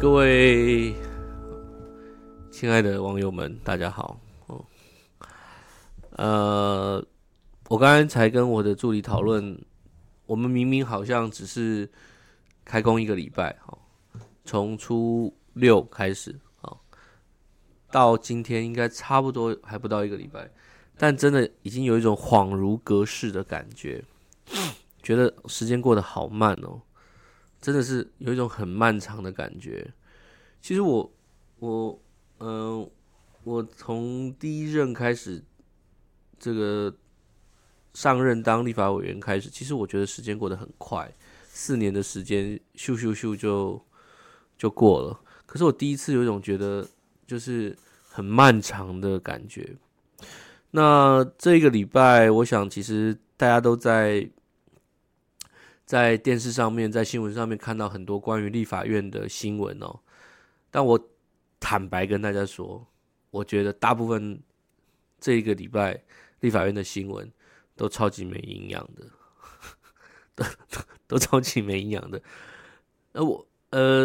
各位親愛的網友們，大家好。呃，我剛剛才跟我的助理討論，我們明明好像只是開工一個禮拜，齁，從初六開始啊，到今天應該差不多還不到一個禮拜，但真的已經有一種恍如隔世的感覺，覺得時間過得好慢哦。真的是有一種很漫長的感覺。其實我，我，嗯、呃，我從第一任開始，這個上任當立法委員開始，其實我覺得時間過得很快，四年的時間咻咻咻就就過了。可是我第一次有一種覺得就是很漫長的感覺。那這一個禮拜，我想其實大家都在。在電視上面，在新聞上面看到很多關於立法院的新聞哦，但我坦白跟大家說，我覺得大部分這一個禮拜立法院的新聞都超級沒營養的，都都超級沒營養的。呃，我呃，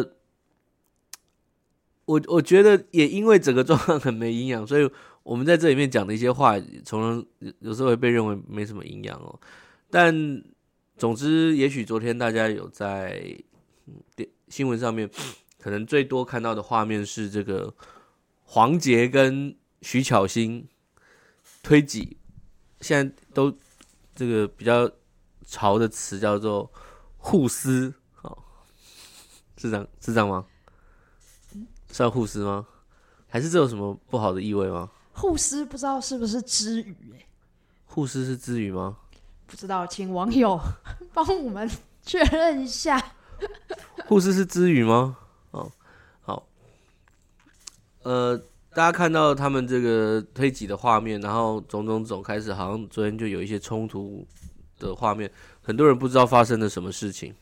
我我覺得也因為整個狀況很沒營養，所以我們在這裡面講的一些話，常常有時候會被認為沒什麼營養哦，但。總之，也許昨天大家有在新聞上面，可能最多看到的畫面是這個黃捷跟徐巧芯推擠，現在都這個比較潮的詞叫做互撕，好，是這樣是這樣嗎？是要互撕嗎？還是這有什麼不好的意味嗎？互撕不知道是不是支語、欸，哎，互撕是支語嗎？不知道，請網友幫我們確認一下。護 士是之語嗎？哦，好。呃，大家看到他們這個推擠的畫面，然後種種種開始，好像昨天就有一些衝突的畫面。很多人不知道發生了什麼事情。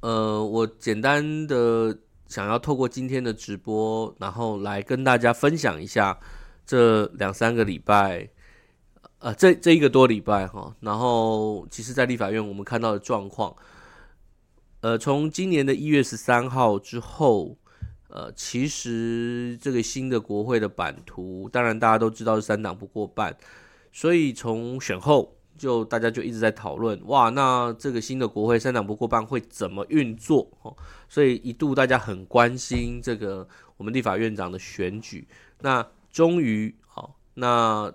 呃，我簡單的想要透過今天的直播，然後來跟大家分享一下這兩三個禮拜。呃，這這一個多禮拜哈，哦，然後其實，在立法院我們看到的狀況，呃，從今年的一月十三號之後，呃，其實這個新的國會的版圖，當然大家都知道是三黨不過半，所以從選後就大家就一直在討論，哇，那這個新的國會三黨不過半會怎麼運作？哦，所以一度大家很關心這個我們立法院長的選舉，那終於好，哦，那。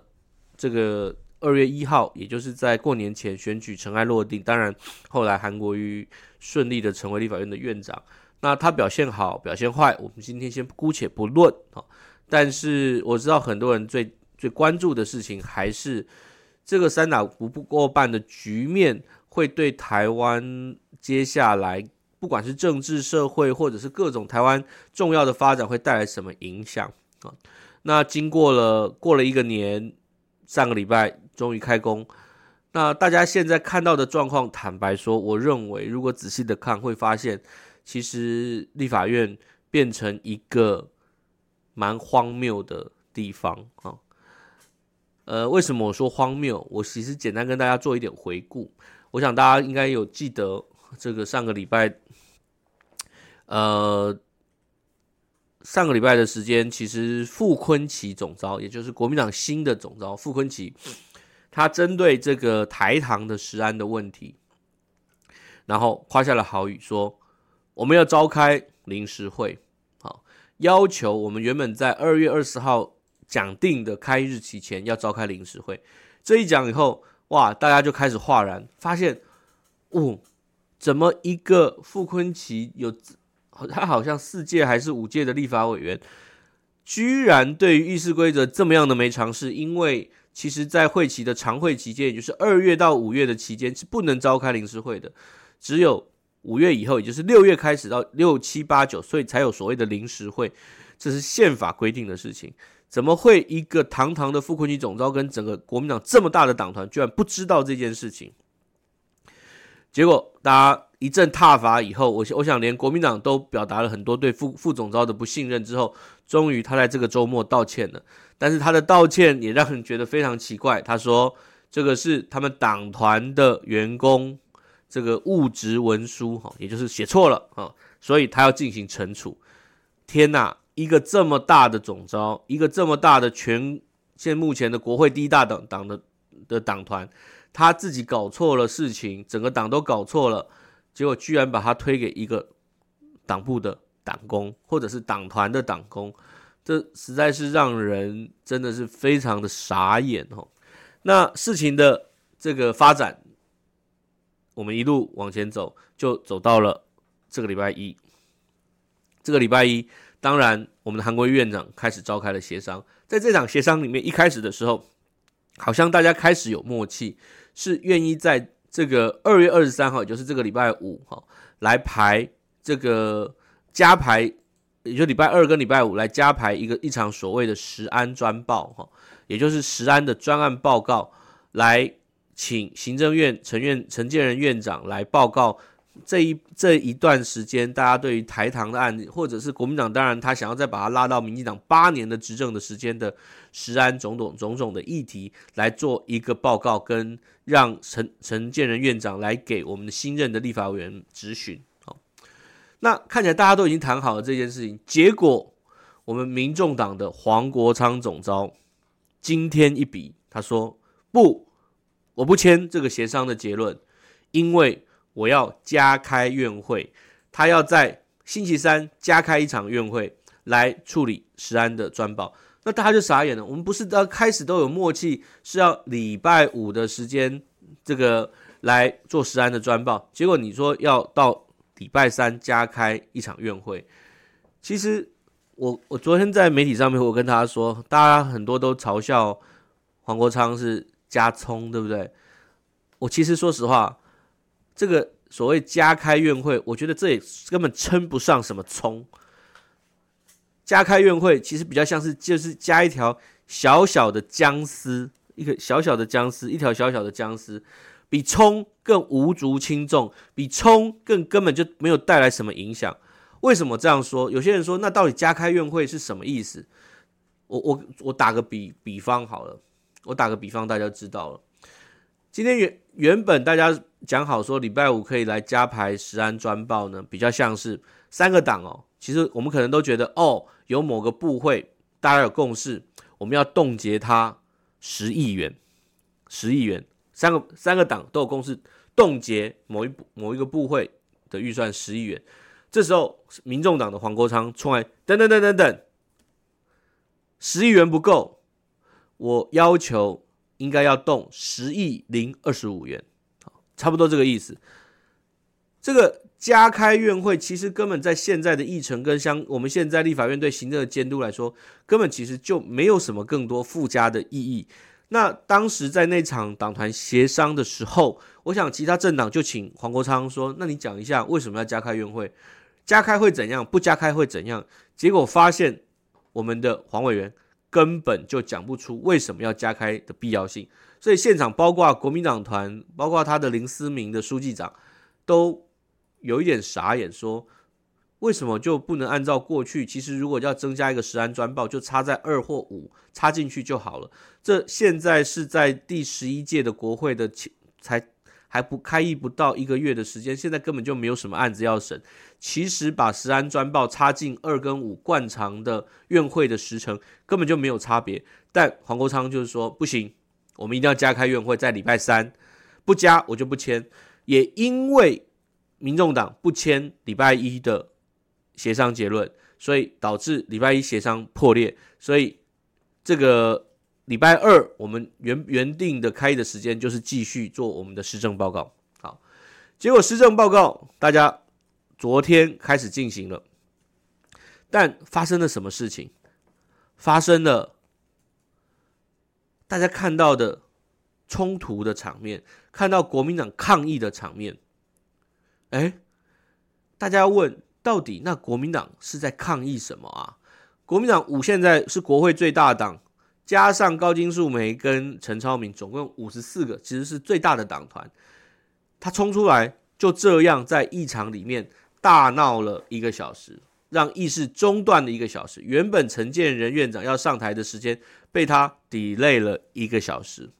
這個二月一號，也就是在過年前選舉塵埃落定。當然，後來韓國瑜順利的成為立法院的院長。那他表現好，表現壞，我們今天先姑且不論啊。但是我知道很多人最最關注的事情，還是這個三黨不不過半的局面，會對台灣接下來不管是政治、社會，或者是各種台灣重要的發展，會帶來什麼影響啊？那經過了過了一個年。上個禮拜終於開工，那大家現在看到的狀況，坦白說，我認為如果仔細的看，會發現其實立法院變成一個蠻荒謬的地方啊。呃，為什麼我說荒謬？我其實簡單跟大家做一點回顧，我想大家應該有記得這個上個禮拜，呃。上個禮拜的時間，其實傅崐萁總召，也就是國民黨新的總召傅崐萁，他針對這個台糖的食安的問題，然後誇下了豪語，說我們要召開臨時會，好，要求我們原本在二月二十號講定的開日期前要召開臨時會。這一講以後，哇，大家就開始嘩然，發現，哦，怎麼一個傅崐萁有？他好像四屆還是五屆的立法委員，居然對於議事規則這麼樣的沒常識，因為其實，在會期的常會期間，也就是二月到五月的期間，是不能召開臨時會的。只有五月以後，也就是六月開始到六七八九，所以才有所謂的臨時會。這是憲法規定的事情。怎麼會一個堂堂的傅崐萁總召跟整個國民黨這麼大的黨團，居然不知道這件事情？結果，大家一陣撻伐以後，我我想連國民黨都表達了很多對副副總召的不信任之後，終於他在這個周末道歉了。但是他的道歉也讓人覺得非常奇怪。他說：“這個是他們黨團的員工，這個誤植文書哈，也就是寫錯了啊，所以他要進行懲處。”天哪！一個這麼大的總召，一個這麼大的全現在目前的國會第一大黨黨的的黨團，他自己搞錯了事情，整個黨都搞錯了。結果居然把他推給一個黨部的黨工，或者是黨團的黨工，這實在是讓人真的是非常的傻眼哦。那事情的這個發展，我們一路往前走，就走到了這個禮拜一。這個禮拜一，當然我們的韓國瑜院長開始召開了協商，在這場協商裡面，一開始的時候，好像大家開始有默契，是願意在。這個二月二十三號，也就是這個禮拜五，哈，來排這個加排，也就禮拜二跟禮拜五來加排一個一場所謂的食安專報，哈，也就是食安的專案報告，來請行政院陳院陳建仁院長來報告。這一這一段時間，大家對於台糖的案例，或者是國民黨，當然他想要再把它拉到民進黨八年的執政的時間的食安總統種種的議題來做一個報告，跟讓陳陳建仁院長來給我們的新任的立法委員質詢。哦，那看起來大家都已經談好了這件事情，結果我們民眾黨的黃國昌總召，今天一筆，他說不，我不簽這個協商的結論，因為。我要加開院會，他要在星期三加開一場院會來處理食安的專報，那大家就傻眼了。我們不是都要開始都有默契，是要禮拜五的時間這個來做食安的專報，結果你說要到禮拜三加開一場院會。其實我我昨天在媒體上面我跟大家說，大家很多都嘲笑黃國昌是加蔥，對不對？我其實說實話。這個所謂加開院會，我覺得這也根本稱不上什麼蔥。加開院會其實比較像是就是加一條小小的薑絲，一個小小的薑絲，一條小小的薑絲，比蔥更無足輕重，比蔥更根本就沒有帶來什麼影響。為什麼這樣說？有些人說，那到底加開院會是什麼意思？我我我打個比比方好了，我打個比方，大家知道了。今天原本大家講好說禮拜五可以來加排食安專報呢，比較像是三個黨哦。其實我們可能都覺得，哦，有某個部會大家有共識，我們要凍結它十億元，十億元，三個三個黨都有共識凍結某一某一個部會的預算十億元。這時候民眾黨的黃國昌出來，等等等等等，十億元不夠，我要求。應該要動十億零二十五元，好，差不多這個意思。這個加開院會，其實根本在現在的議程跟像，我們現在立法院對行政的監督來說，根本其實就沒有什麼更多附加的意義。那當時在那場黨團協商的時候，我想其他政黨就請黃國昌說：“那你講一下為什麼要加開院會？加開會怎樣？不加開會怎樣？”結果發現我們的黃委員。根本就講不出為什麼要加開的必要性，所以現場包括國民黨團，包括他的林思明的書記長，都有一點傻眼，說為什麼就不能按照過去？其實如果要增加一個食安專報，就插在二或五插進去就好了。這現在是在第十一屆的國會的才。還不開議不到一個月的時間，現在根本就沒有什麼案子要審。其實把食安專報插進二跟五慣常的院會的時程根本就沒有差別，但黃國昌就是說不行，我們一定要加開院會，在禮拜三不加我就不簽。也因為民眾黨不簽禮拜一的協商結論，所以導致禮拜一協商破裂，所以這個。禮拜二，我們原原定的開議的時間就是繼續做我們的施政報告。好，結果施政報告大家昨天開始進行了，但發生了什麼事情？發生了，大家看到的衝突的場面，看到國民黨抗議的場面。哎，大家問到底那國民黨是在抗議什麼啊？國民黨五現在是國會最大黨。加上高金素梅跟陳超明，總共五十四個，其實是最大的黨團。他衝出來，就這樣在議場裡面大鬧了一個小時，讓議事中斷了一個小時。原本陳建仁院長要上台的時間，被他 delay 了一個小時。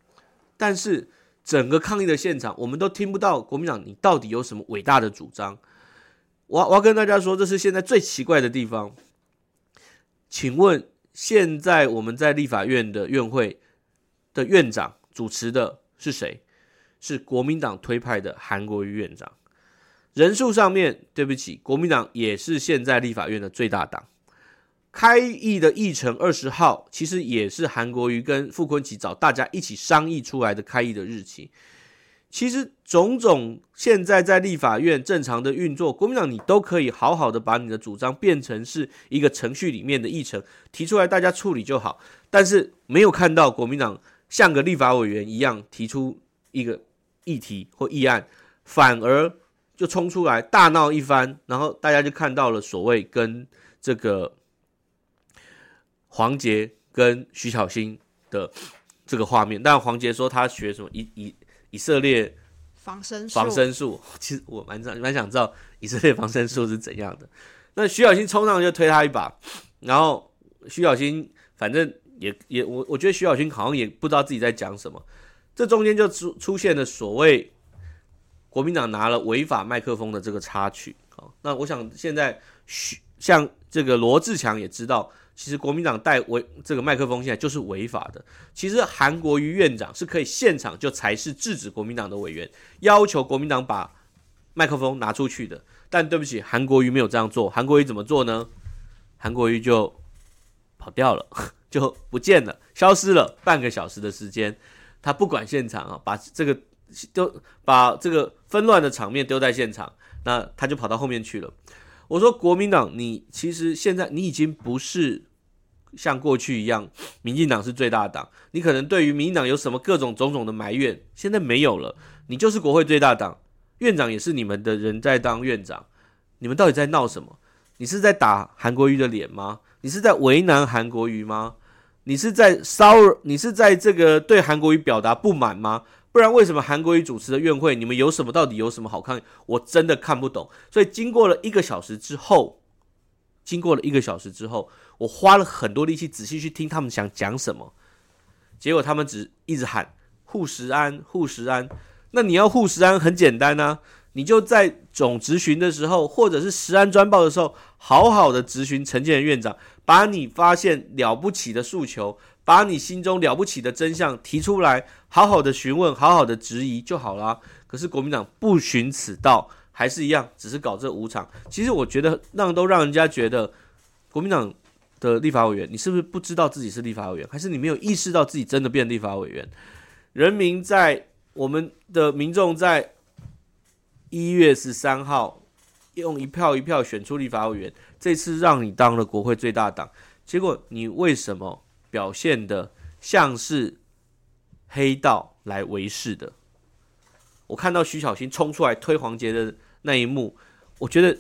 但是整個抗議的現場，我們都聽不到國民黨你到底有什麼偉大的主張。我我要跟大家說，這是現在最奇怪的地方。請問，現在我們在立法院的院會的院長主持的是誰？是國民黨推派的韓國瑜院長。人數上面，對不起，國民黨也是現在立法院的最大黨。開議的議程二十號，其實也是韓國瑜跟傅崐萁找大家一起商議出來的開議的日期。其實種種現在在立法院正常的運作，國民黨你都可以好好的把你的主張變成是一個程序裡面的議程提出來，大家處理就好。但是沒有看到國民黨像個立法委員一樣提出一個議題或議案，反而就衝出來大鬧一番，然後大家就看到了所謂跟這個黃杰跟徐巧芯的這個畫面。但黃杰說他學什麼一一。以色列防身防身術，其實我蠻想蠻想知道以色列防身術是怎樣的。那徐巧芯衝上去就推他一把，然後徐巧芯反正也也我我覺得徐巧芯好像也不知道自己在講什麼。這中間就出出現了所謂國民黨拿了違法麥克風的這個插曲。好，那我想現在徐，像這個羅智強也知道。其實國民黨帶為這個麥克風現在就是違法的。其實韓國瑜院長是可以現場就才是制止國民黨的委員，要求國民黨把麥克風拿出去的。但對不起，韓國瑜沒有這樣做。韓國瑜怎麼做呢？韓國瑜就跑掉了，就不見了，消失了半個小時的時間，他不管現場啊，把這個丟，把這個紛亂的場面丟在現場，那他就跑到後面去了。我說國民黨，你其實現在你已經不是像過去一樣，民進黨是最大黨，你可能對於民進黨有什麼各種種種的埋怨，現在沒有了，你就是國會最大黨，院長也是你們的人在當院長，你們到底在鬧什麼？你是在打韓國瑜的臉嗎？你是在為難韓國瑜嗎？你是在騷？你是在這個對韓國瑜表達不滿嗎？不然為什麼韓國瑜主持的院會，你們有什麼？到底有什麼好看？我真的看不懂。所以經過了一個小時之後，經過了一個小時之後，我花了很多力氣仔細去聽他們想講什麼。結果他們只一直喊護食安，護食安。那你要護食安很簡單啊，你就在總質詢的時候，或者是食安專報的時候，好好的質詢陳建仁院長，把你發現了不起的訴求，把你心中了不起的真相提出來。好好的詢問，好好的質疑就好啦。可是國民黨不循此道，還是一樣，只是搞這無常。其實我覺得，讓都讓人家覺得，國民黨的立法委員，你是不是不知道自己是立法委員，還是你沒有意識到自己真的變立法委員？人民在我們的民眾在一月十三號用一票一票選出立法委員，這次讓你當了國會最大黨，結果你為什麼表現得像是？黑道來圍事的，我看到徐巧芯衝出來推黃捷的那一幕，我覺得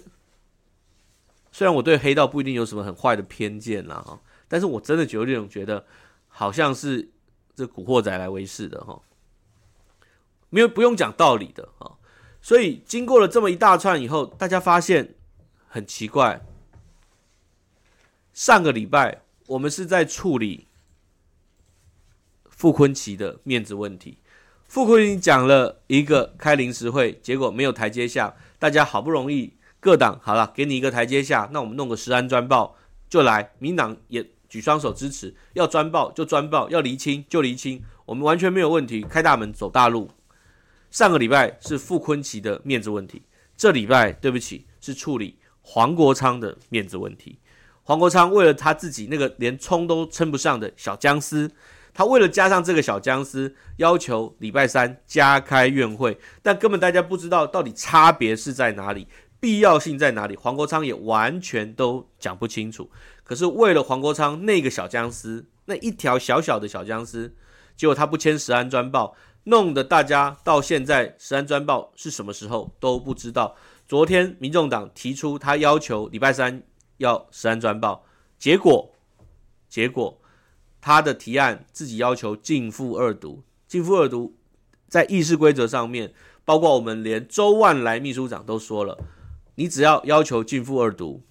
雖然我對黑道不一定有什麼很壞的偏見啦，哈，但是我真的有這種覺得好像是這古惑仔來圍事的，哈，沒有不用講道理的，哈，所以經過了這麼一大串以後，大家發現很奇怪，上個禮拜我們是在處理傅崐萁的面子問題，傅崐萁講了一個開臨時會，結果沒有台階下，大家好不容易各黨好了，給你一個台階下，那我們弄個食安專報就來，民黨也舉雙手支持，要專報就專報，要釐清就釐清，我們完全沒有問題，開大門走大路。上個禮拜是傅崐萁的面子問題，這禮拜對不起，是處理黃國昌的面子問題。黃國昌為了他自己那個連蔥都稱不上的小僵屍。他為了加上這個小僵屍，要求禮拜三加開院會，但根本大家不知道到底差別是在哪裡，必要性在哪裡。黃國昌也完全都講不清楚。可是為了黃國昌那個小僵屍，那一條小小的小僵屍，結果他不簽食安專報，弄得大家到現在食安專報是什麼時候都不知道。昨天民眾黨提出他要求禮拜三要食安專報，結果，結果。他的提案自己要求逕付二讀，逕付二讀在議事規則上面，包括我們連周萬來秘書長都說了，你只要要求逕付二讀，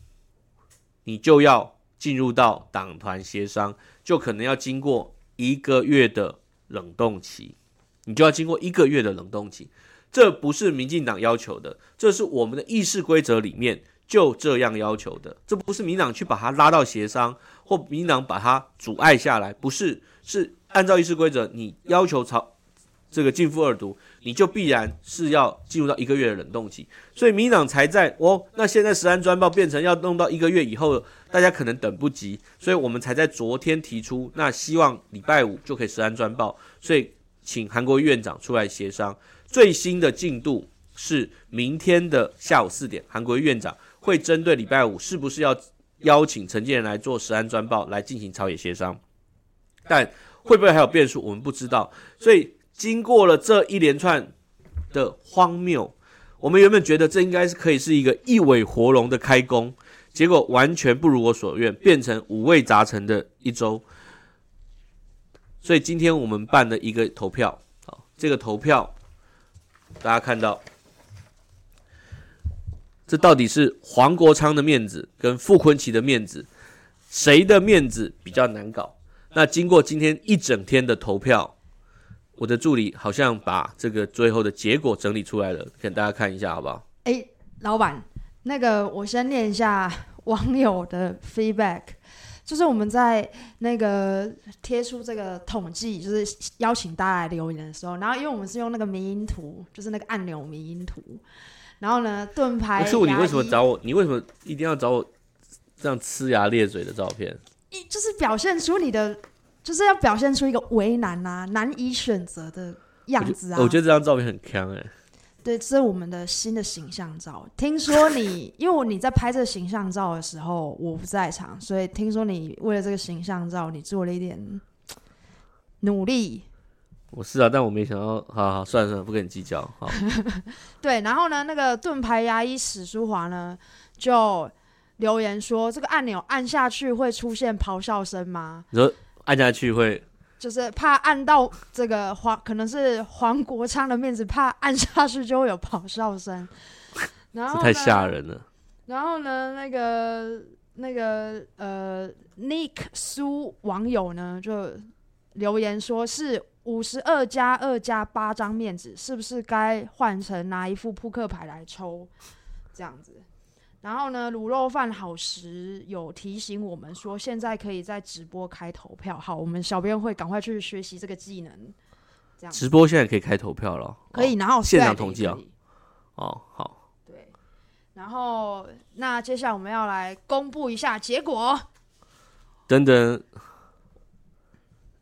你就要進入到黨團協商，就可能要經過一個月的冷凍期，你就要經過一個月的冷凍期，這不是民進黨要求的，這是我們的議事規則裡面。就這樣要求的，這不是民黨去把他拉到協商，或民黨把他阻礙下來，不是，是按照議事規則，你要求朝這個逕付二讀，你就必然是要進入到一個月的冷凍期，所以民黨才在哦，那現在食安專報變成要弄到一個月以後，大家可能等不及，所以我們才在昨天提出，那希望禮拜五就可以食安專報，所以請韓國瑜院長出來協商，最新的進度是明天的下午四點，韓國瑜院長。會針對禮拜五是不是要邀請陳建仁來做食安專報來進行朝野協商？但會不會還有變數？我們不知道。所以經過了這一連串的荒謬，我們原本覺得這應該是可以是一個一尾活龍的開工，結果完全不如我所願，變成五味雜陳的一周。所以今天我們辦了一個投票，好，這個投票大家看到。這到底是黃國昌的面子跟傅崐萁的面子，誰的面子比較難搞？那經過今天一整天的投票，我的助理好像把這個最後的結果整理出來了，給大家看一下好不好？哎，老闆，那個我先念一下網友的 feedback，就是我們在那個貼出這個統計，就是邀請大家來留言的時候，然後因為我們是用那個迷因圖，就是那個按鈕迷因圖。然後呢，盾牌。可是你為什麼找我？你為什麼一定要找我這樣呲牙咧嘴的照片？一就是表現出你的，就是要表現出一個為難啊、難以選擇的樣子啊。我覺，我覺得這張照片很坑哎、欸。對，這是我們的新的形象照。聽說你，因為你在拍這個形象照的時候我不在場，所以聽說你為了這個形象照，你做了一點努力。我是啊，但我沒想到，好好好，算了算了，不跟你計較。好， 對，然後呢，那個盾牌牙醫史書華呢，就留言說，這個按鈕按下去會出現咆哮聲嗎？你說按下去會？就是怕按到這個黃，可能是黃國昌的面子，怕按下去就會有咆哮聲。然後 太嚇人了。然後呢，那個那個呃，Nick 蘇網友呢，就留言說是。五十二加二加八張面子，是不是該換成拿一副撲克牌來抽？這樣子。然後呢，滷肉飯好時有提醒我們說，現在可以在直播開投票。好，我們小編會趕快去學習這個技能。這樣，直播現在可以開投票了。哦，可以，然後現場統計啊。哦，好。對。然後，那接下來我們要來公布一下結果。等等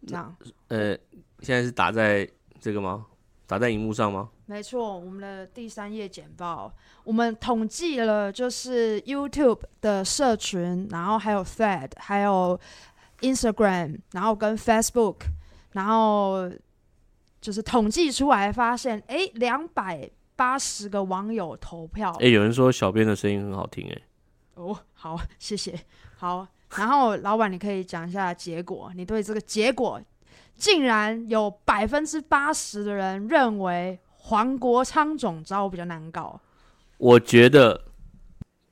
噔。那，呃。現在是打在這個嗎？打在熒幕上嗎？沒錯，我們的第三頁簡報，我們統計了，就是 YouTube 的社群，然後還有 Thread，還有 Instagram，然後跟 Facebook，然後就是統計出來發現，哎，兩百八十個網友投票，哎，有人說小編的聲音很好聽，誒，哦，好，謝謝，好， 然後老闆你可以講一下結果，你對這個結果。竟然有百分之八十的人認為黃國昌總召比較難搞，我覺得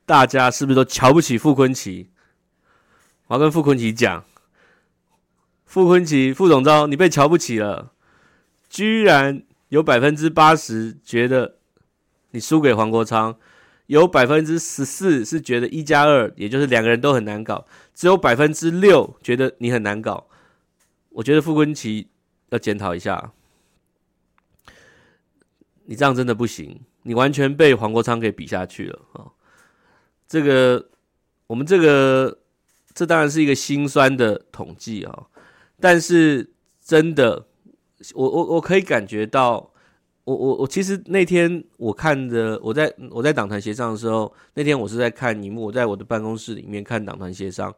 大家是不是都瞧不起傅崐萁？我要跟傅崐萁講，傅崐萁，傅總召，你被瞧不起了。居然有百分之八十覺得你輸給黃國昌，有百分之十四是覺得一加二，2, 也就是兩個人都很難搞，只有百分之六覺得你很難搞。我覺得傅崐萁要檢討一下，你這樣真的不行，你完全被黃國昌給比下去了啊！這個，我們這個，這當然是一個心酸的統計啊。但是真的，我我我可以感覺到，我我我其實那天我看的，我在我在黨團協商的時候，那天我是在看你們，我在我的辦公室裡面看黨團協商。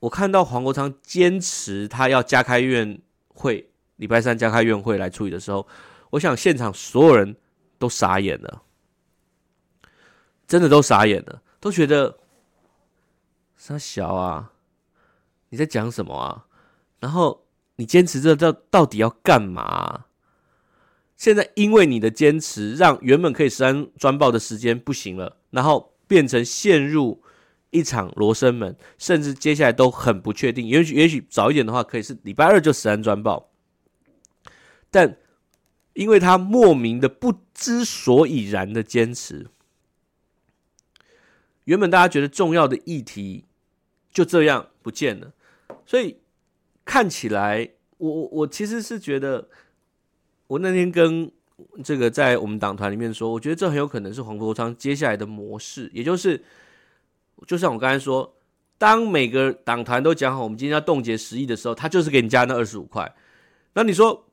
我看到黃國昌堅持他要加開院會，禮拜三加開院會來處理的時候，我想現場所有人都傻眼了，真的都傻眼了，都覺得三小啊，你在講什麼啊？然後你堅持這到到底要幹嘛？現在因為你的堅持，讓原本可以食安專報的時間不行了，然後變成陷入。一場羅生門，甚至接下來都很不確定。也許也許早一點的話，可以是禮拜二就《食安專報》，但因為他莫名的不知所以然的堅持，原本大家覺得重要的議題就這樣不見了。所以看起來我，我我我其實是覺得，我那天跟這個在我們黨團裡面說，我覺得這很有可能是黃國昌接下來的模式，也就是。就像我剛才說，當每個黨團都講好我們今天要凍結十億的時候，他就是給你加那二十五塊。那你說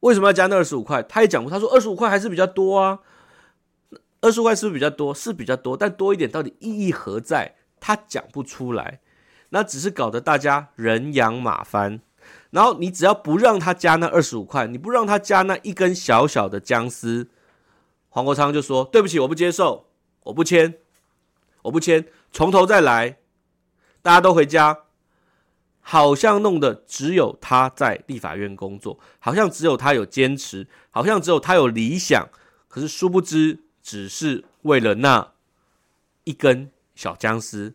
為什麼要加那二十五塊？他也講過，他說二十五塊還是比較多啊。二十五塊是不是比較多？是比較多，但多一點到底意義何在？他講不出來，那只是搞得大家人仰馬翻。然後你只要不讓他加那二十五塊，你不讓他加那一根小小的薑絲，黃國昌就說：“對不起，我不接受，我不簽。”我不簽，從頭再來，大家都回家。好像弄得只有他在立法院工作，好像只有他有堅持，好像只有他有理想。可是殊不知，只是為了那一根小僵屍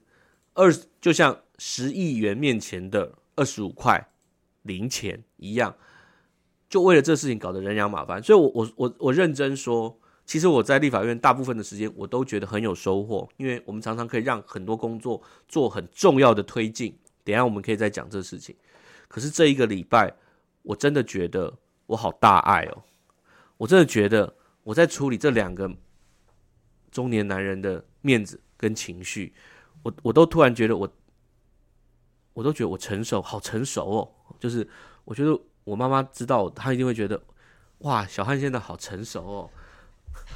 二，就像十億元面前的二十五塊零錢一樣，就為了這事情搞得人仰馬翻。所以我，我我我我認真說。其實我在立法院大部分的時間，我都覺得很有收穫，因為我們常常可以讓很多工作做很重要的推進。等下我們可以再講這事情。可是這一個禮拜，我真的覺得我好大愛哦！我真的覺得我在處理這兩個中年男人的面子跟情緒，我我都突然覺得我，我都覺得我成熟，好成熟哦！就是我覺得我媽媽知道，她一定會覺得，哇，小翰現在好成熟哦。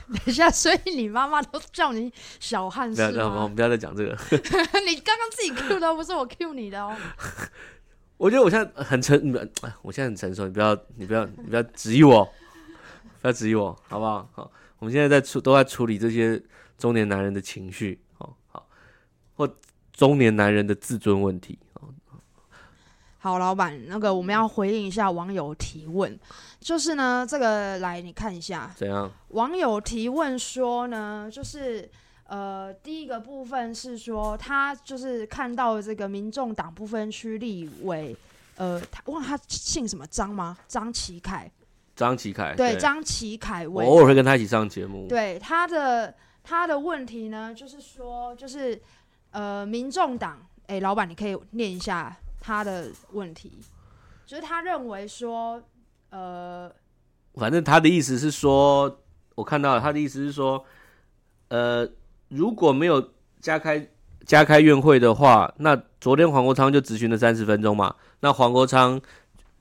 等一下，所以你媽媽都叫你小漢是嗎？我們不要再講這個。 你剛剛自己 Q 的不是我 Q 你的哦。我覺得我現在很成，哎，我現在很成熟，你不要，你不要，你不要質疑我，不要質疑我，好不好？好，我們現在在處都在處理這些中年男人的情緒，好好，或中年男人的自尊問題。好，老闆，那個我們要回應一下網友提問，就是呢，這個來你看一下，怎樣？網友提問說呢，就是呃，第一個部分是說他就是看到這個民眾黨不分區立委，呃，他忘他姓什麼張嗎？張啟楷。張啟楷。對，對張啟楷。我偶爾會跟他一起上節目。對他的他的問題呢，就是說就是呃，民眾黨，哎、欸，老板，你可以念一下。他的問題，就是他認為說，呃，反正他的意思是說，我看到了他的意思是說，呃，如果沒有加開加開院會的話，那昨天黃國昌就質詢了三十分鐘嘛。那黃國昌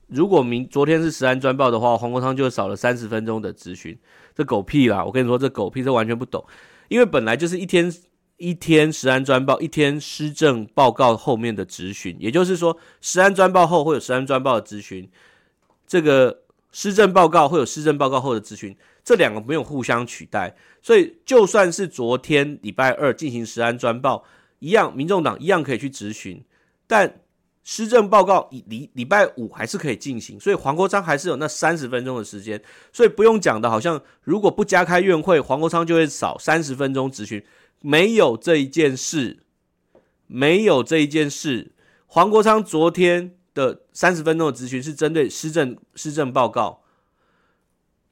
如果明昨天是食安專報的話，黃國昌就少了三十分鐘的質詢。這狗屁啦！我跟你說，這狗屁，這完全不懂，因為本來就是一天。一天食安專報，一天施政報告後面的質詢，也就是說，食安專報後會有食安專報的質詢，這個施政報告會有施政報告後的質詢，這兩個沒有互相取代，所以就算是昨天禮拜二進行食安專報，一樣，民眾黨一樣可以去質詢，但施政報告禮禮拜五還是可以進行，所以黃國昌還是有那三十分鐘的時間，所以不用講的好像如果不加開院會，黃國昌就會少三十分鐘質詢。沒有這一件事，沒有這一件事。黃國昌昨天的三十分鐘的質詢，是針對施政施政報告，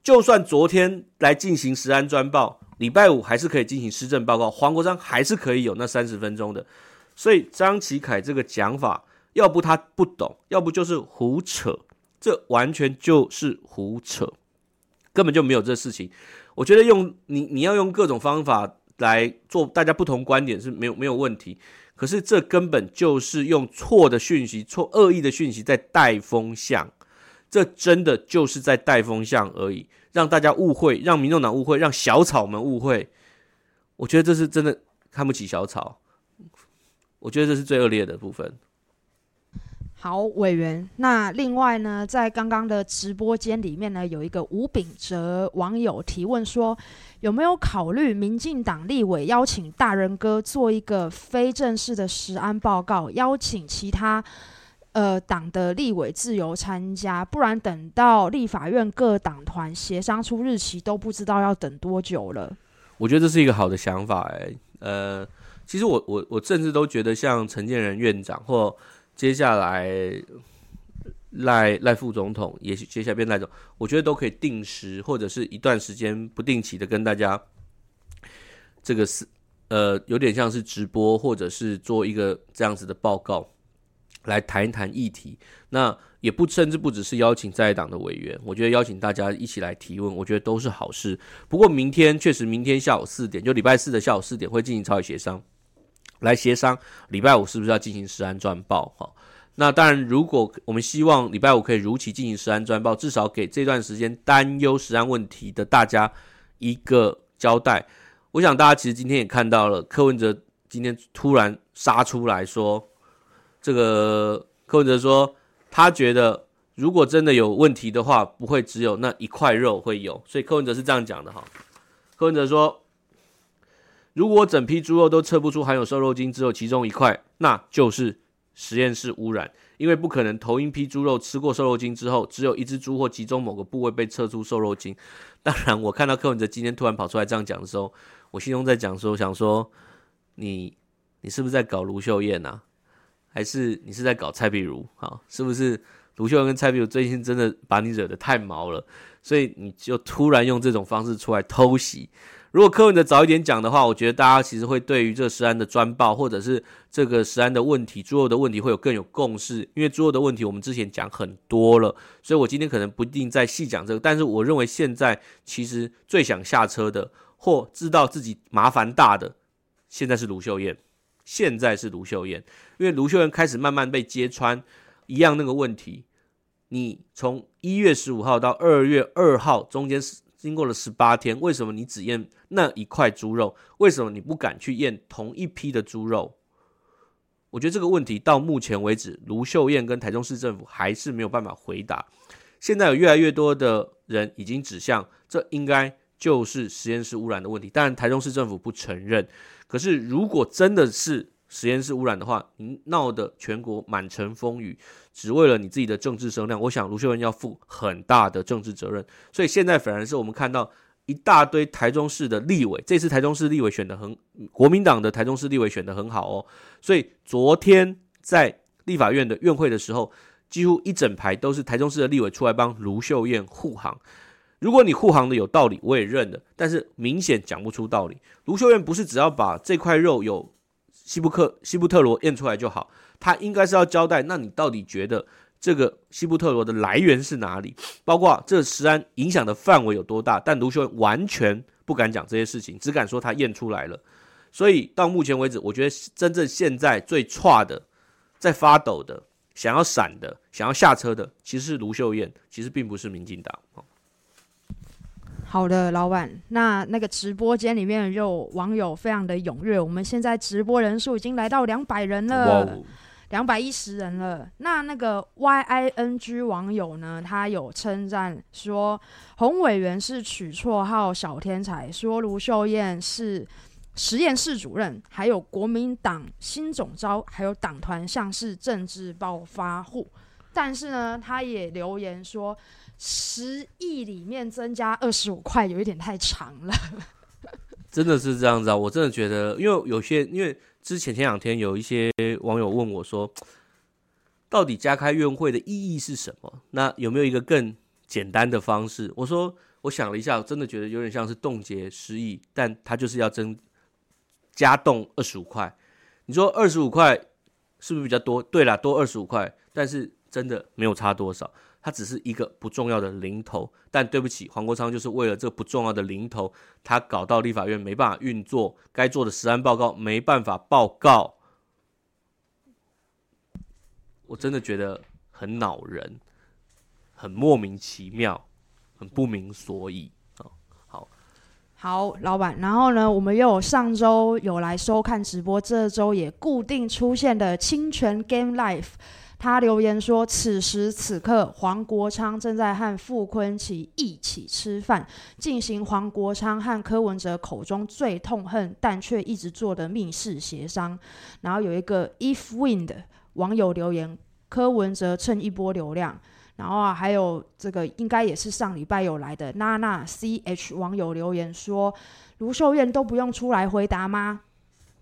就算昨天來進行食安專報，禮拜五還是可以進行施政報告，黃國昌還是可以有那三十分鐘的。所以張啓楷這個講法，要不他不懂，要不就是胡扯，這完全就是胡扯，根本就沒有這事情。我覺得用你你要用各種方法，來做，大家不同觀點是沒有沒有問題，可是這根本就是用錯的訊息，錯惡意的訊息在帶風向，這真的就是在帶風向而已，讓大家誤會，讓民眾黨誤會，讓小草們誤會，我覺得這是真的看不起小草，我覺得這是最惡劣的部分。好，委員。那另外呢，在剛剛的直播間裡面呢，有一個吳秉哲網友提問說，有沒有考慮民進黨立委邀請大仁哥做一個非正式的食安報告，邀請其他呃黨的立委自由參加？不然等到立法院各黨團協商出日期，都不知道要等多久了。我覺得這是一個好的想法、欸。誒。呃，其實我我我甚至都覺得，像陳建仁院長或接下來賴賴副總統，也許接下來變賴總，我覺得都可以定時或者是一段時間不定期的跟大家，這個是呃有點像是直播，或者是做一個這樣子的報告，來談一談議題。那也不甚至不只是邀請在黨的委員，我覺得邀請大家一起來提問，我覺得都是好事。不過明天確實明天下午四點，就禮拜四的下午四點會進行朝野協商。來協商，禮拜五是不是要進行食安專報？哈，那當然，如果我們希望禮拜五可以如期進行食安專報，至少給這段時間擔憂食安問題的大家一個交代。我想大家其實今天也看到了柯文哲今天突然殺出來說，這個柯文哲說他覺得如果真的有問題的話，不會只有那一塊肉會有，所以柯文哲是這樣講的哈。柯文哲說。如果整批豬肉都測不出含有瘦肉精，只有其中一塊，那就是實驗室污染，因為不可能頭一批豬肉吃過瘦肉精之後，只有一隻豬或其中某個部位被測出瘦肉精。當然，我看到柯文哲今天突然跑出來這樣講的時候，我心中在講的時候，想說，你你是不是在搞盧秀燕啊？還是你是在搞蔡壁如？好，是不是盧秀燕跟蔡壁如最近真的把你惹得太毛了，所以你就突然用這種方式出來偷襲？如果柯文哲早一點講的話，我覺得大家其實會對於這個食安的專報，或者是這個食安的問題、豬肉的問題，會有更有共識。因為豬肉的問題，我們之前講很多了，所以我今天可能不一定再細講這個。但是我認為現在其實最想下車的，或知道自己麻煩大的，現在是盧秀燕，現在是盧秀燕，因為盧秀燕開始慢慢被揭穿一樣那個問題。你從一月十五號到二月二號中間是。經過了十八天，為什麼你只驗那一塊豬肉？為什麼你不敢去驗同一批的豬肉？我覺得這個問題到目前為止，盧秀燕跟台中市政府還是沒有辦法回答。現在有越來越多的人已經指向，這應該就是實驗室污染的問題。當然，台中市政府不承認。可是，如果真的是……實驗室污染的話，你鬧得全國滿城風雨，只為了你自己的政治聲量，我想盧秀燕要負很大的政治責任。所以現在反而是我們看到一大堆台中市的立委，這次台中市立委選得很，國民黨的台中市立委選得很好哦。所以昨天在立法院的院會的時候，幾乎一整排都是台中市的立委出來幫盧秀燕護航。如果你護航的有道理，我也認的，但是明顯講不出道理。盧秀燕不是只要把這塊肉有。西布克西布特羅驗出來就好，他應該是要交代。那你到底覺得這個西布特羅的來源是哪裡？包括這食安影響的範圍有多大？但盧秀燕完全不敢講這些事情，只敢說他驗出來了。所以到目前為止，我覺得真正現在最差的、在發抖的、想要閃的、想要下車的，其實是盧秀燕，其實並不是民進黨。好的，老闆，那那個直播間裡面有網友非常的踴躍，我們現在直播人數已經來到兩百人了，兩百一十人了。那那個 Y I N G 網友呢，他有稱讚說洪委員是取綽號小天才，說盧秀燕是實驗室主任，還有國民黨新總召，還有黨團像是政治暴發戶。但是呢，他也留言說。十億裡面增加二十五塊，有一點太長了。真的是這樣子啊！我真的覺得，因為有些，因為之前前兩天有一些網友問我說，說到底加開院會的意義是什麼？那有沒有一個更簡單的方式？我說，我想了一下，我真的覺得有點像是凍結十億，但它就是要增加凍二十五塊。你說二十五塊是不是比較多？對啦，多二十五塊，但是真的沒有差多少。他只是一個不重要的零頭，但對不起，黃國昌就是為了這不重要的零頭，他搞到立法院沒辦法運作，該做的食安報告沒辦法報告，我真的覺得很惱人，很莫名其妙，很不明所以好、哦，好，好老闆，然後呢，我們又有上周有來收看直播，這周也固定出現的清泉 Game Life。他留言說：“此時此刻，黃國昌正在和傅崐萁一起吃飯，進行黃國昌和柯文哲口中最痛恨但卻一直做的密室協商。”然後有一個 If、e、Wind 的網友留言：“柯文哲蹭一波流量。”然後啊，還有這個應該也是上禮拜有來的娜娜 C H 網友留言說：“盧秀燕都不用出來回答嗎？”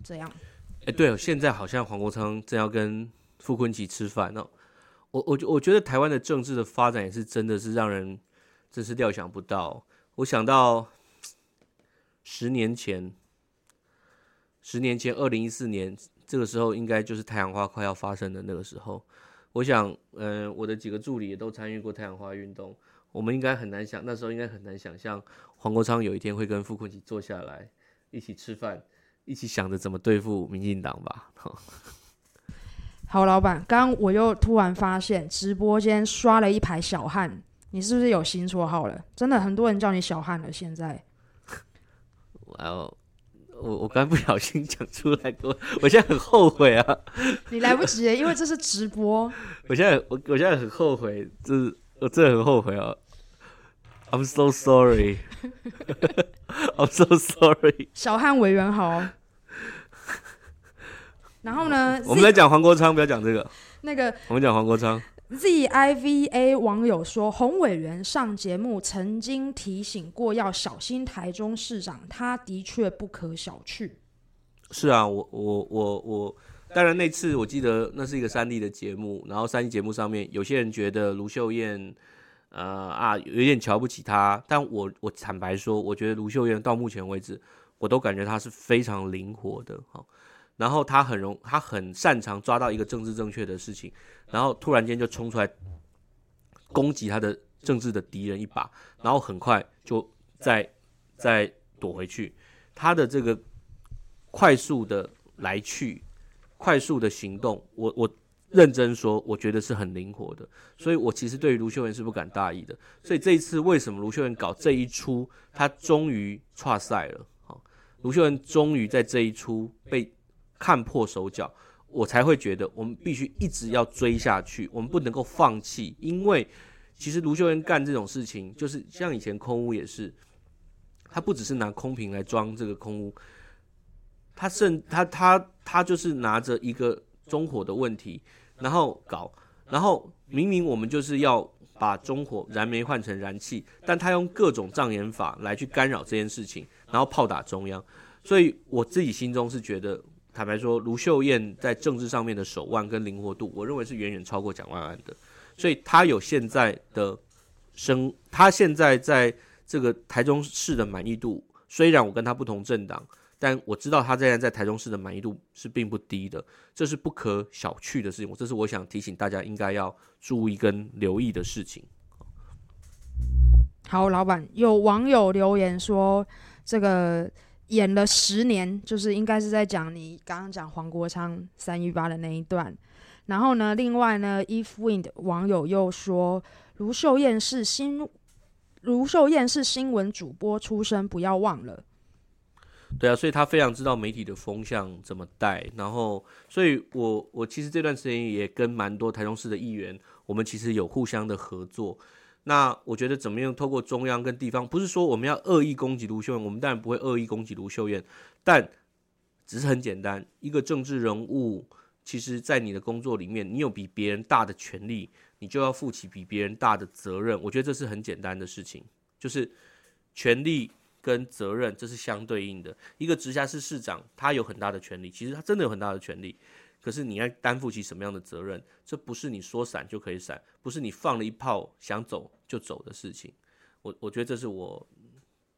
這樣。哎、欸，對、哦，現在好像黃國昌正要跟傅崐萁吃飯呢？我我我覺得台灣的政治的發展也是真的是讓人真是料想不到。我想到十年前，十年前二零一四年這個時候，應該就是太陽花快要發生的那個時候。我想，嗯、呃，我的幾個助理也都參與過太陽花運動，我們應該很難想，那時候應該很難想象黃國昌有一天會跟傅崐萁坐下來一起吃飯，一起想着怎麼對付民進黨吧。呵呵好老闆，剛剛我又突然發現直播間刷了一排小漢，你是不是有新綽號了？真的很多人叫你小漢了，現在。哦、wow，我我剛才不小心講出來過，我現在很後悔啊！你來不及，因為這是直播。 我現在我我現在很後悔，這、就是、我真的很後悔啊！I'm so sorry，I'm so sorry。 so 小漢委員好。然後呢，我們來講黃國昌。 不要講這個。那個，我們講黃國昌。Z I V A 網友說，洪委員上節目曾經提醒過，要小心台中市長，他的確不可小覷。是啊，我我我我，當然那次我記得那是一個三立的節目，然後三立節目上面有些人覺得盧秀燕，呃啊，有點瞧不起他，但我我坦白說，我覺得盧秀燕到目前為止，我都感覺她是非常靈活的，好。然後他很容，他很擅長抓到一個政治正確的事情，然後突然間就衝出來攻擊他的政治的敵人一把，然後很快就再再躲回去。他的這個快速的來去，快速的行動，我我認真說，我覺得是很靈活的。所以，我其實對於盧秀燕是不敢大意的。所以這一次為什麼盧秀燕搞這一出，他終於挫賽了，啊。盧秀燕終於在這一出被看破手腳，我才會覺得我們必須一直要追下去，我們不能夠放棄，因為其實盧秀燕幹這種事情，就是像以前空屋也是，他不只是拿空瓶來裝這個空屋，他甚他他他就是拿着一個中火的問題，然後搞，然後明明我們就是要把中火燃煤換成燃氣，但他用各種障眼法來去干擾這件事情，然後炮打中央，所以我自己心中是覺得。坦白說，盧秀燕在政治上面的手腕跟靈活度，我認為是遠遠超過蔣萬安的，所以她有現在的生，她現在在這個台中市的滿意度，雖然我跟她不同政黨，但我知道她現在在台中市的滿意度是並不低的，這是不可小覷的事情，這是我想提醒大家應該要注意跟留意的事情。好，老板，有網友留言說這個。演了十年，就是應該是在講你剛剛講黃國昌三一八的那一段。然後呢，另外呢，Ifwind 的網友又說，盧秀燕是新，盧秀燕是新聞主播出身，不要忘了。對啊，所以他非常知道媒體的風向怎麼帶。然後，所以我我其實這段時間也跟蠻多台中市的議員，我們其實有互相的合作。那我覺得怎麼樣？透過中央跟地方，不是說我們要惡意攻擊盧秀燕，我們當然不會惡意攻擊盧秀燕，但只是很簡單，一個政治人物，其實在你的工作裡面，你有比別人大的權力，你就要負起比別人大的責任。我覺得這是很簡單的事情，就是權力跟責任，這是相對應的。一個直轄市市長，他有很大的權力，其實他真的有很大的權力。可是你要擔負起什麼樣的責任？這不是你說閃就可以閃，不是你放了一炮想走就走的事情。我我覺得這是我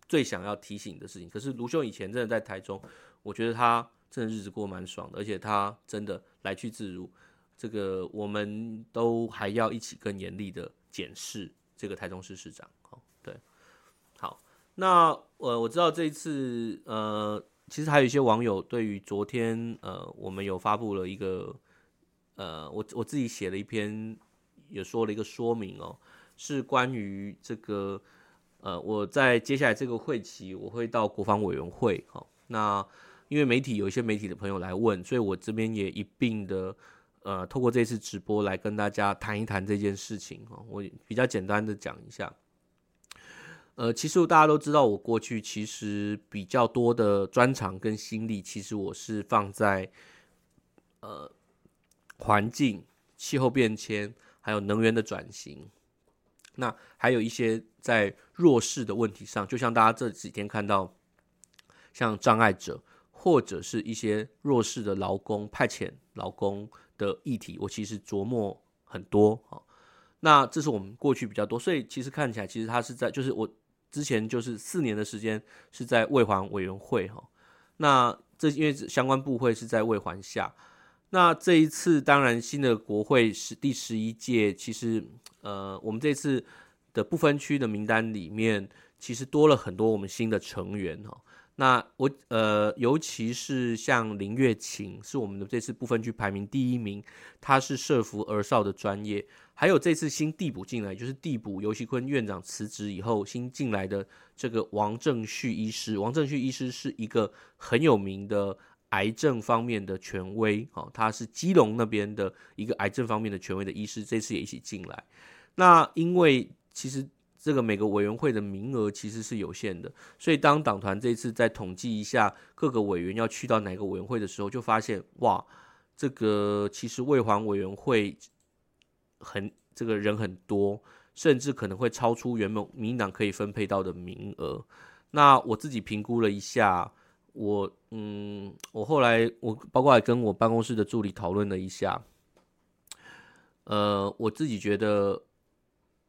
最想要提醒你的事情。可是盧兄以前真的在台中，我覺得他真的日子過蠻爽的，而且他真的來去自如。這個我們都還要一起更嚴厲的檢視這個台中市市長。哦，對，好，那我、呃、我知道這一次呃。其實還有一些網友對於昨天，呃，我們有發布了一個，呃，我我自己寫了一篇，也說了一個說明哦，是關於這個，呃，我在接下來這個會期，我會到國防委員會，哦，那因為媒體有一些媒體的朋友來問，所以我這邊也一併的，呃，透過這次直播來跟大家談一談這件事情哦，我比較簡單的講一下。呃，其實大家都知道，我過去其實比較多的專長跟心力，其實我是放在呃環境、氣候變遷，還有能源的轉型。那還有一些在弱勢的問題上，就像大家這幾天看到，像障礙者或者是一些弱勢的勞工、派遣勞工的議題，我其實琢磨很多，哦。那這是我們過去比較多，所以其實看起來，其實他是在就是我。之前就是四年的時間是在衛環委員會哈，那這因為相關部會是在衛環下，那這一次當然新的國會是第十一屆，其實呃我們這次的不分區的名單裡面其實多了很多我們新的成員哈，那我呃尤其是像林月琴是我們的這次不分區排名第一名，她是社福兒少的專業。還有這次新遞補進來，就是遞補游錫堃院長辭職以後新進來的這個王正旭醫師。王正旭醫師是一個很有名的癌症方面的權威，哦，他是基隆那邊的一個癌症方面的權威的醫師。這次也一起進來。那因為其實這個每個委員會的名額其實是有限的，所以當黨團這次在統計一下各個委員要去到哪個委員會的時候，就發現哇，這個其實衛環委員會。很，這個人很多，甚至可能會超出原本民黨可以分配到的名額。那我自己評估了一下，我嗯，我後來我包括還跟我辦公室的助理討論了一下，呃，我自己覺得。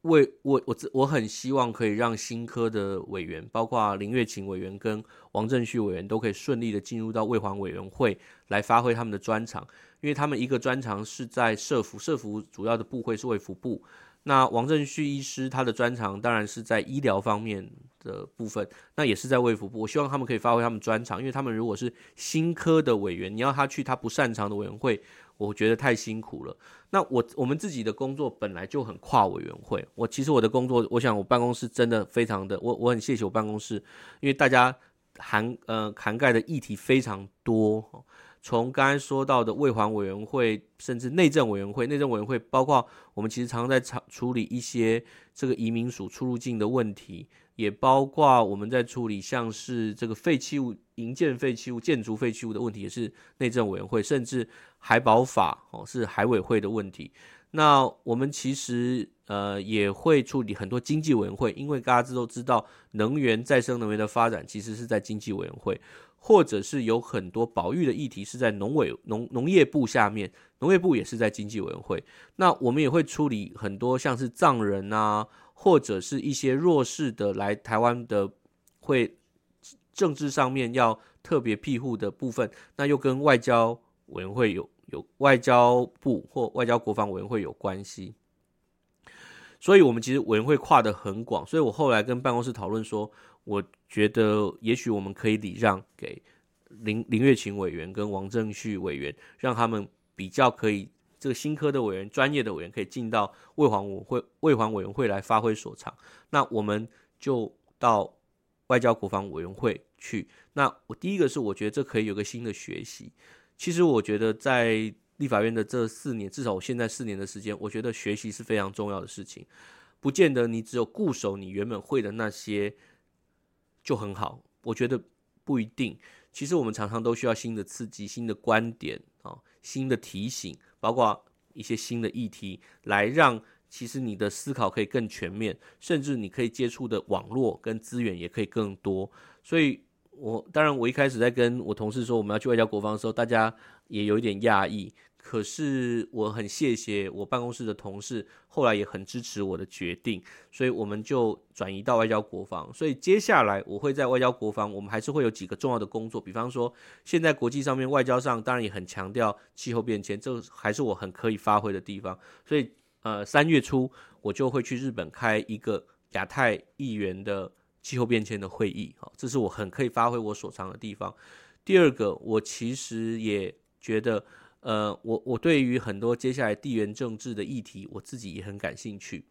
為我我我我很希望可以讓新科的委員，包括林月琴委員跟王正旭委員，都可以順利的進入到衛環委員會來發揮他們的專長，因為他們一個專長是在社福社福，主要的部會是衛福部。那王正旭醫師他的專長當然是在醫療方面的部分，那也是在衛福部，我希望他們可以發揮他們專長，因為他們如果是新科的委員，你要他去他不擅長的委員會。我覺得太辛苦了。那我我們自己的工作本來就很跨委員會。我其實我的工作，我想我辦公室真的非常的，我我很謝謝我辦公室，因為大家呃涵呃涵蓋的議題非常多，從剛才說到的衛環委員會，甚至內政委員會，內政委員會包括我們其實常常在處處理一些這個移民署，出入境的問題。也包括我們在處理像是這個廢棄物、營建廢棄物、建築廢棄物的問題，也是內政委員會，甚至海保法哦是海委會的問題。那我們其實呃也會處理很多經濟委員會，因為大家都知道，能源再生能源的發展其實是在經濟委員會，或者是有很多保育的議題是在農委農農業部下面，農業部也是在經濟委員會。那我們也會處理很多像是藏人啊。或者是一些弱勢的來台灣的、會政治上面要特別庇護的部分，那又跟外交委員會有有外交部或外交國防委員會有關係，所以我們其實委員會跨得很廣，所以我後來跟辦公室討論說，我覺得也許我們可以禮讓給林林月琴委員跟王正旭委員，讓他們比較可以，這個新科的委員、專業的委員可以進到衛環委會、衛環委員會來發揮所長。那我們就到外交國防委員會去。那我第一個是，我覺得這可以有個新的學習。其實我覺得在立法院的這四年，至少我現在四年的時間，我覺得學習是非常重要的事情。不見得你只有固守你原本會的那些就很好，我覺得不一定。其實我們常常都需要新的刺激、新的觀點啊、新的提醒，包括一些新的議題，來讓其實你的思考可以更全面，甚至你可以接觸的網絡跟資源也可以更多。所以我，我當然我一開始在跟我同事說我們要去外交國防的時候，大家也有一點訝異。可是我很謝謝我辦公室的同事，後來也很支持我的決定，所以我們就轉移到外交國防。所以接下來我會在外交國防，我們還是會有幾個重要的工作，比方說現在國際上面外交上，當然也很強調氣候變遷，這還是我很可以發揮的地方。所以呃，三月初我就會去日本開一個亞太議員的氣候變遷的會議，這是我很可以發揮我所長的地方。第二個，我其實也覺得。呃，我我對於很多接下來地緣政治的議題，我自己也很感興趣。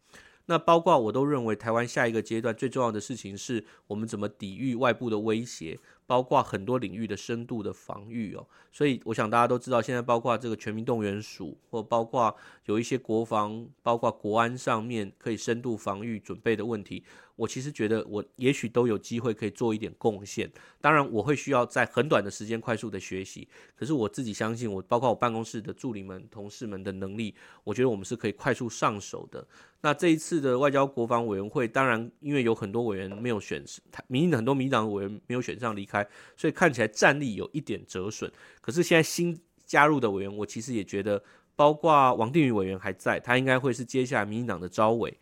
那包括我都認為，台灣下一個階段最重要的事情，是我們怎麼抵禦外部的威脅。包括很多領域的深度的防禦哦，所以我想大家都知道，現在包括這個全民動員署，或包括有一些國防、包括國安上面可以深度防禦準備的問題，我其實覺得我也許都有機會可以做一點貢獻。當然，我會需要在很短的時間快速的學習，可是我自己相信，我包括我辦公室的助理們、同事們的能力，我覺得我們是可以快速上手的。那這一次的外交國防委員會，當然因為有很多委員沒有選，民進的很多民進黨委員沒有選上離開。所以看起來戰力有一點折損，可是現在新加入的委員，我其實也覺得，包括王定宇委員還在，他應該會是接下來民進黨的召委，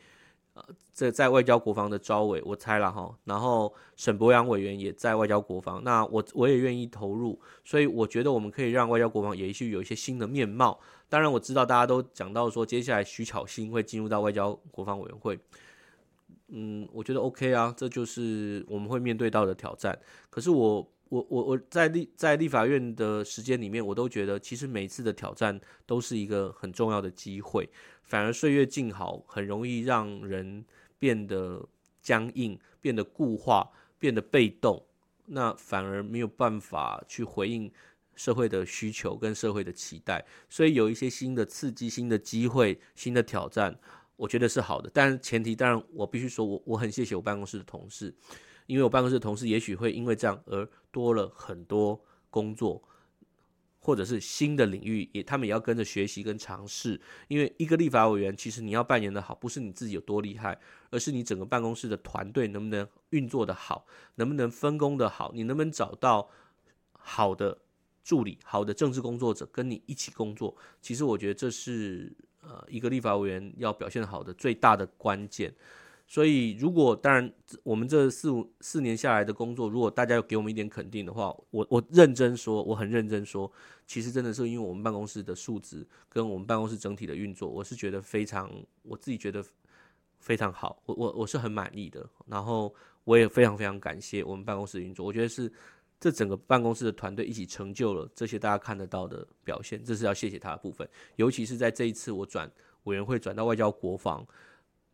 呃，在在外交國防的召委，我猜了哈。然後沈伯洋委員也在外交國防，那我我也願意投入，所以我覺得我們可以讓外交國防也許有一些新的面貌。當然我知道大家都講到說，接下來徐巧芯會進入到外交國防委員會。嗯，我覺得 OK 啊，這就是我們會面對到的挑戰。可是我我我我在立在立法院的時間裡面，我都覺得其實每一次的挑戰都是一個很重要的機會。反而歲月靜好，很容易讓人變得僵硬、變得固化、變得被動，那反而沒有辦法去回應社會的需求跟社會的期待。所以有一些新的刺激、新的機會、新的挑戰。我覺得是好的，但是前提當然，我必須說我我很謝謝我辦公室的同事，因為我辦公室的同事也許會因為這樣而多了很多工作，或者是新的領域，也他們也要跟着學習跟嘗試。因為一個立法委員，其實你要扮演得好，不是你自己有多厲害，而是你整個辦公室的團隊能不能運作得好，能不能分工得好，你能不能找到好的助理、好的政治工作者跟你一起工作。其實我覺得這是。呃，一個立法委員要表現好的最大的關鍵，所以如果當然我們這四五四年下來的工作，如果大家要給我們一點肯定的話，我我認真說，我很認真說，其實真的是因為我們辦公室的素質跟我們辦公室整體的運作，我是覺得非常，我自己覺得非常好，我我我是很滿意的，然後我也非常非常感謝我們辦公室的運作，我覺得是。這整個辦公室的團隊一起成就了這些大家看得到的表現，這是要謝謝他的部分。尤其是在這一次我轉委員會轉到外交國防，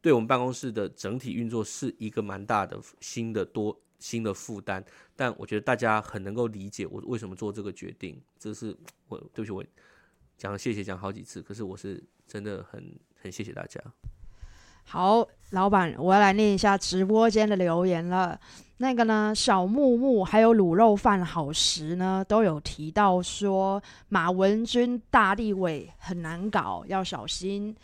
對我們辦公室的整體運作是一個蠻大的新的多新的負擔。但我覺得大家很能夠理解我為什麼做這個決定。這是我對不起，我講謝謝講好幾次，可是我是真的很很謝謝大家。好，老板，我要來念一下直播間的留言了。那個呢，小木木還有滷肉飯好食呢，都有提到說馬文君大立委很難搞，要小心。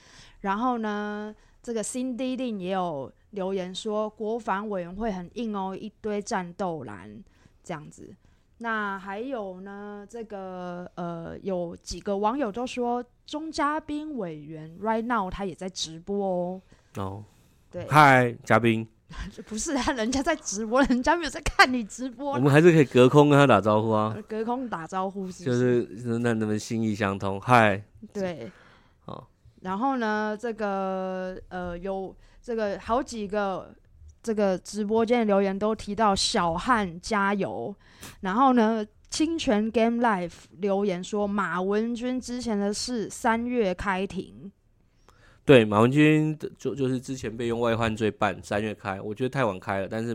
然後呢，這個 Cindy Lin 也有留言說，國防委員會很硬哦，一堆戰鬥藍這樣子。那還有呢，這個呃，有幾個網友都說，中嘉賓委員 right now 他也在直播哦。哦，嗨、oh. 對，Hi, 嘉賓， 不是啊，人家在直播，人家沒有在看你直播。我們還是可以隔空跟他打招呼啊，隔空打招呼是，是，就是讓你們心意相通，嗨，對，oh. 然後呢，這個呃有這個好幾個這個直播間的留言都提到小翰加油，然後呢，清泉 Game Life 留言說馬文君之前的事三月開庭。對馬文君的就就是之前被用外患罪辦，三月開，我覺得太晚開了。但是，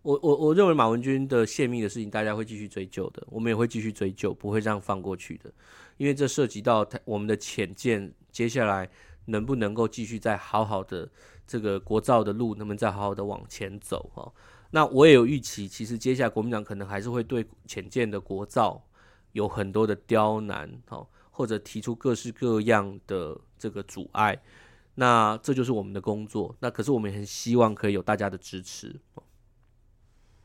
我我我認為馬文君的泄密的事情，大家會繼續追究的，我們也會繼續追究，不會這樣放過去的，因為這涉及到我們的潛艦接下來能不能夠繼續再好好的這個國造的路，能不能再好好的往前走哈、哦。那我也有預期，其實接下來國民黨可能還是會對潛艦的國造有很多的刁難哈。哦或者提出各式各樣的這個阻礙，那這就是我們的工作。那可是我們也很希望可以有大家的支持。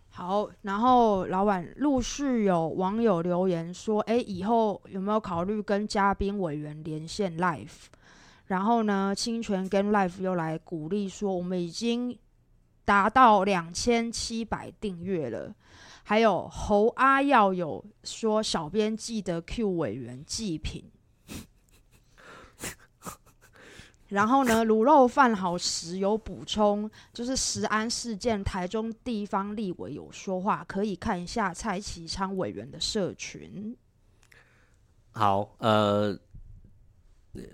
好，然後老闆陸續有網友留言說：“哎、欸，以後有沒有考慮跟嘉賓委員連線 Live？” 然後呢，清泉跟 Live 又來鼓勵說：“我們已經達到兩千七百訂閱了。”還有侯阿耀有說，小編記得 Q 委員祭品。然後呢，滷肉飯好吃有補充，就是食安事件，台中地方立委有說話，可以看一下蔡其昌委員的社群。好，呃，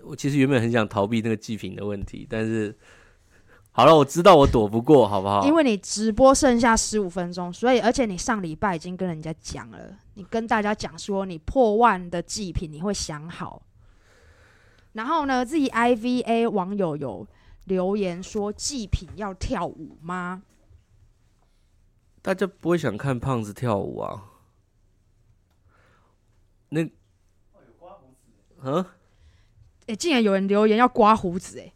我其實原本很想逃避那個祭品的問題，但是。好了，我知道我躲不過，好不好？因為你直播剩下十五分鐘，所以而且你上禮拜已經跟人家講了，你跟大家講說你破萬的祭品你會想好。然後呢，自己 I V A 網友有留言說祭品要跳舞嗎？大家不會想看胖子跳舞啊？那，嗯、有刮鬍子誒呵、欸，竟然有人留言要刮鬍子誒。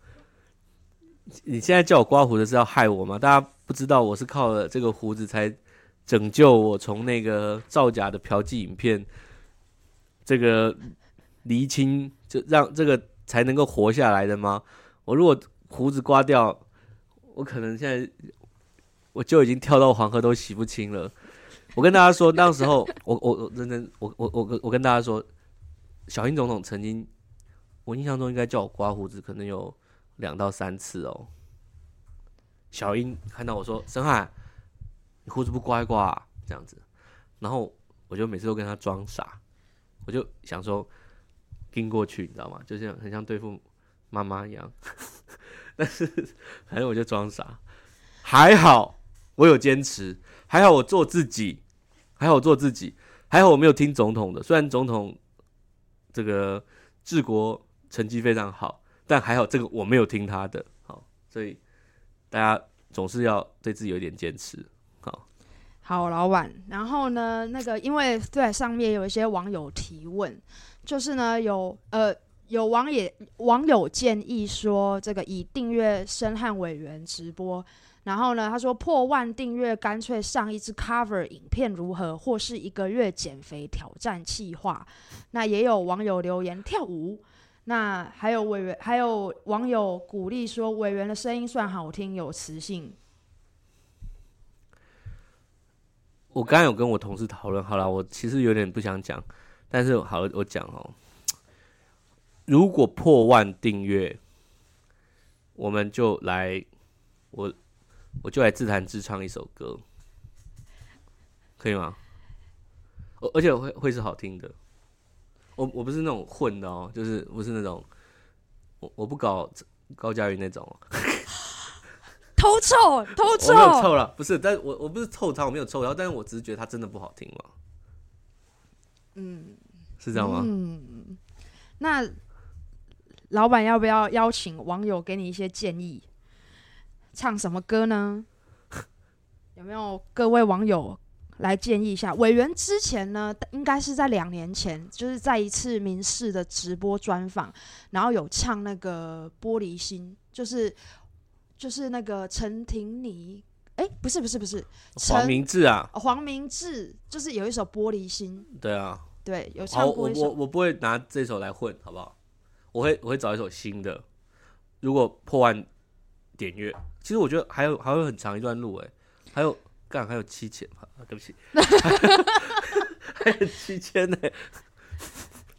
你現在叫我刮鬍子是要害我嗎？大家不知道我是靠了這個鬍子才拯救我從那個造假的嫖妓影片這個釐清，就讓這個才能夠活下來的嗎？我如果鬍子刮掉，我可能現在我就已經跳到黃河都洗不清了。我跟大家說，那時候我我我真的，我我我我，我，我，我跟大家說，小英總統曾經，我印象中應該叫我刮鬍子，可能有。兩到三次哦，小英看到我說：“申對翰，你鬍子不刮一刮啊？”這樣子，然後我就每次都跟他裝傻，我就想說，跟過去，你知道嗎？就是很像對付媽媽一樣。 但是，反正我就裝傻，還好我有堅持，還好我做自己，還好我做自己，還好我沒有聽總統的。雖然總統這個治國成績非常好。但還好，這個我沒有聽他的，好，所以大家總是要對自己有點堅持，好。好，老闆。然後呢，那個因為對上面有一些網友提問，就是呢，有呃有網友網友建議說，這個以訂閱申翰委員直播，然後呢，他說破萬訂閱，乾脆上一支 cover 影片如何？或是一個月減肥挑戰計劃？那也有網友留言跳舞。那還有委員，還有網友鼓勵說，委員的聲音算好聽，有磁性。我剛剛有跟我同事討論，好了，我其實有點不想講，但是好，我講哦、喔。如果破萬訂閱，我們就來，我我就來自彈自唱一首歌，可以嗎？而而且會會是好聽的。我我不是那種混的哦，就是不是那種，我我不搞高嘉瑜那種。偷臭偷臭，臭沒有臭了，不是，但我我不是臭他，我沒有臭他，然後但是我只是覺得他真的不好聽嘛。嗯，是這樣嗎？嗯嗯。那老板要不要邀請網友給你一些建議，唱什麼歌呢？ 有沒有各位網友？來建議一下，委員之前呢，應該是在兩年前，就是在一次民視的直播專訪，然後有唱那個《玻璃心》，就是就是那個陳婷妮，哎、欸，不是不是不是，黃明志啊，黃明志，就是有一首《玻璃心》，對啊，對，有唱玻璃心。我不會拿這首來混，好不好？我會我會找一首新的。如果破萬點閱，其實我覺得還有還有很長一段路、欸，哎，還有。幹，還有七千嘛，啊？對不起， 還有七千呢。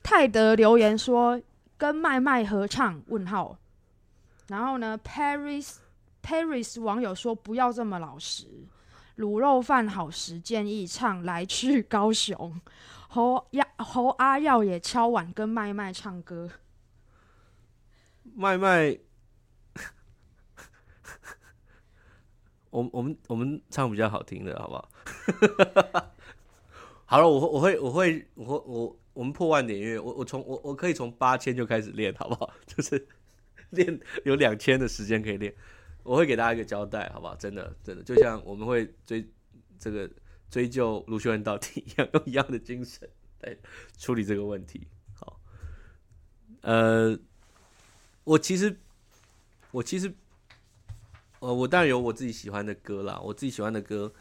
泰德留言說跟麥麥合唱問號，然後呢？Paris Paris 網友說不要這麼老實，滷肉飯好食，建議唱來去高雄。侯亞侯阿耀也敲碗跟麥麥唱歌，麥麥。我我們我們唱比較好聽的好不好？ 好了，我我會我會我會我我們破萬點音樂，我我從我我可以從八千就開始練好不好？就是練有兩千的時間可以練，我會給大家一個交代好不好？真的真的，就像我們會追這個追究盧秀燕到底一樣用一樣的精神來處理這個問題。好，呃，我其實我其實。呃，我當然有我自己喜歡的歌啦。我自己喜歡的歌，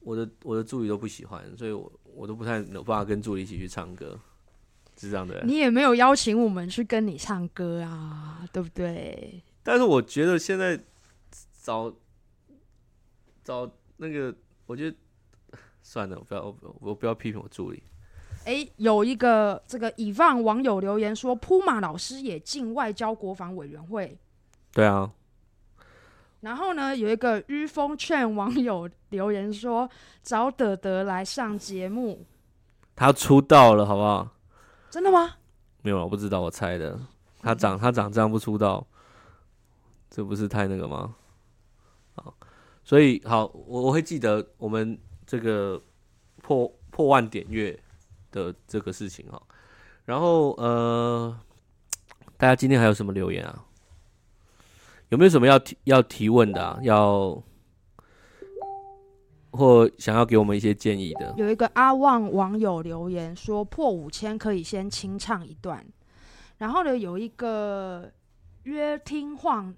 我的我的助理都不喜歡，所以我我都不太有辦法跟助理一起去唱歌，是這樣的啊。你也沒有邀請我們去跟你唱歌啊，對不對？但是我覺得現在找找那個，我覺得算了，我不要，我我不要批評我助理。誒，有一個這個以、e、方網友留言說，撲馬老師也進外交國防委員會。對啊。然後呢，有一個御峰勸網友留言說，找德德來上節目。他出道了，好不好？真的嗎？沒有，我不知道，我猜的。他長他長這樣不出道，嗯、哼這不是太那個嗎？好，所以好，我我會記得我們這個破破萬訂閱的這個事情哈。然後呃，大家今天還有什麼留言啊？有沒有什麼要提要提問的啊？要或想要給我們一些建議的？有一個阿旺網友留言說，破五千可以先清唱一段。然後呢，有一個約聽晃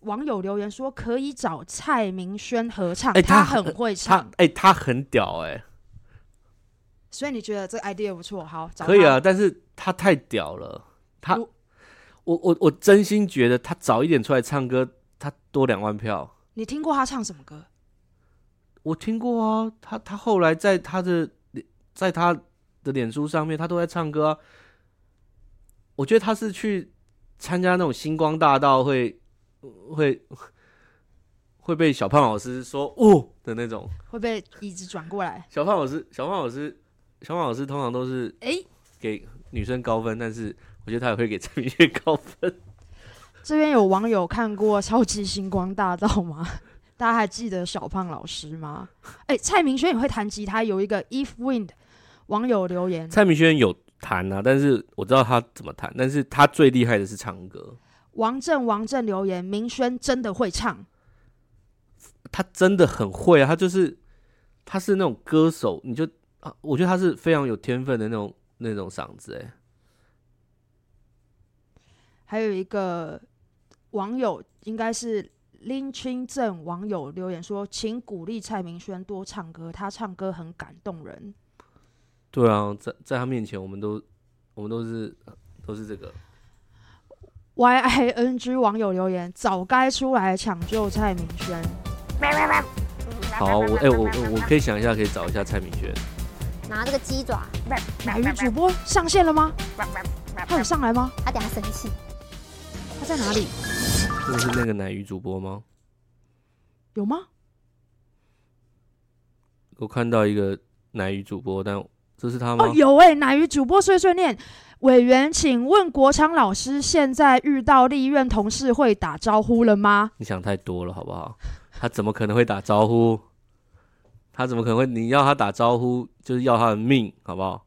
網友留言說可以找蔡明軒合唱，欸，他很，他很會唱，哎、欸，他很屌、欸，哎，所以你覺得這 idea 不錯？好，好可以啊，但是他太屌了，他。我我我真心覺得他早一點出來唱歌，他多兩萬票。你聽過他唱什麼歌？我聽過啊，他他後來在他的在他的臉書上面，他都在唱歌啊。我覺得他是去參加那種星光大道，會會會被小胖老師說“哦”的那種，會被椅子轉過來。小胖老師，小胖老師，小胖老師通常都是哎給女生高分，欸，但是。我覺得他也會給蔡明軒高分。這邊有網友看過《超級星光大道》嗎？大家還記得小胖老師嗎？哎、欸，蔡明軒也會彈吉他，有一個 Eve Wind 網友留言，蔡明軒有彈啊，但是我知道他怎麼彈，但是他最厲害的是唱歌。王正，王正留言，明軒真的會唱，他真的很會啊，他就是他是那種歌手，你就、啊、我覺得他是非常有天分的那種那種嗓子、欸，哎。還有一個網友，應該是林清正網友留言說：“請鼓勵蔡明軒多唱歌，他唱歌很感動人。”對啊，在在他面前我，我們都我們都是都是這個 Y I N G 網友留言，早該出來搶救蔡明軒。好，我哎、欸、我我可以想一下，可以找一下蔡明軒。拿這個雞爪，鯰魚主播上線了嗎？他有上來嗎？他等下生氣。在哪裡？這是那個奶魚主播嗎？有嗎？我看到一個奶魚主播，但這是他嗎？哦，有哎、欸，奶魚主播碎碎念。委員，請問國昌老師現在遇到立醫院同事會打招呼了嗎？你想太多了好不好？他怎麼可能會打招呼？他怎麼可能會？你要他打招呼就是要他的命好不好？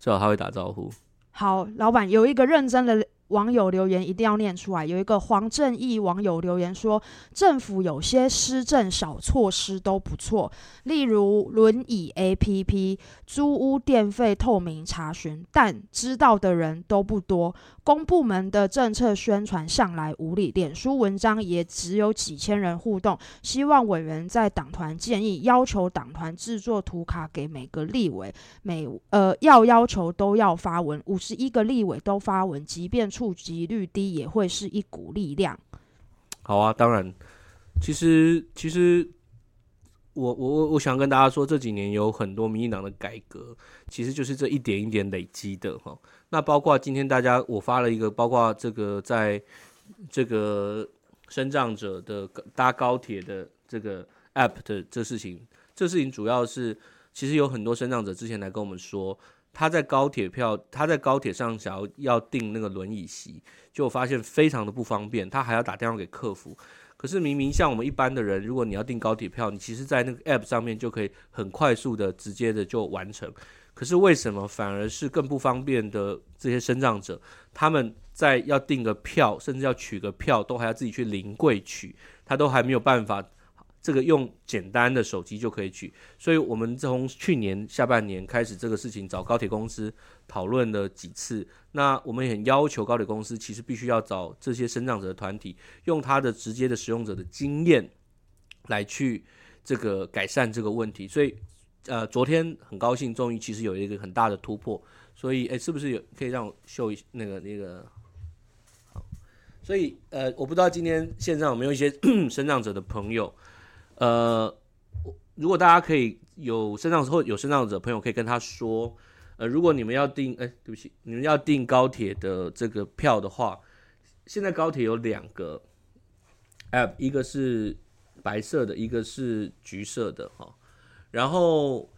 最好他會打招呼。好，老闆有一個認真的。網友留言一定要念出來。有一個黃正義網友留言說：“政府有些施政小措施都不錯，例如輪椅 APP、租屋電費透明查詢，但知道的人都不多。公部門的政策宣傳向來無力，臉書文章也只有幾千人互動。希望委員在黨團建議，要求黨團制作圖卡給每個立委，每呃要要求都要發文，五十一個立委都發文，即便。”觸及率低也會是一股力量。好啊，當然，其實其實我我我我想跟大家說，這幾年有很多民進黨的改革，其實就是這一點一點累積的哈。那包括今天大家我發了一個，包括這個在這個身障者的搭高鐵的這個 app 的這事情，這事情主要是其實有很多身障者之前來跟我們說。他在高鐵票，他在高鐵上想要要訂那個輪椅席，就發現非常的不方便。他還要打電話給客服，可是明明像我們一般的人，如果你要訂高鐵票，你其實在那個 app 上面就可以很快速的、直接的就完成。可是為什麼反而是更不方便的這些身障者，他們在要訂個票，甚至要取個票，都還要自己去臨櫃取，他都還沒有辦法。這個用簡單的手機就可以取。所以我們從去年下半年開始，這個事情找高鐵公司討論了幾次。那我們也很要求高鐵公司，其實必須要找這些身障者的團體，用他的直接的使用者的經驗來去這個改善這個問題。所以，呃，昨天很高興，終於其實有一個很大的突破。所以，誒，是不是有可以讓我秀一那個那個？好，所以呃，我不知道今天線上有沒有一些身障 者的朋友。呃，如果大家可以有身障或有身障者的朋友可以跟他說，呃，如果你們要訂，哎、欸，對不起，你們要訂高鐵的這個票的話，現在高鐵有兩個 app，呃，一個是白色的，一個是橘色的哈、哦。然後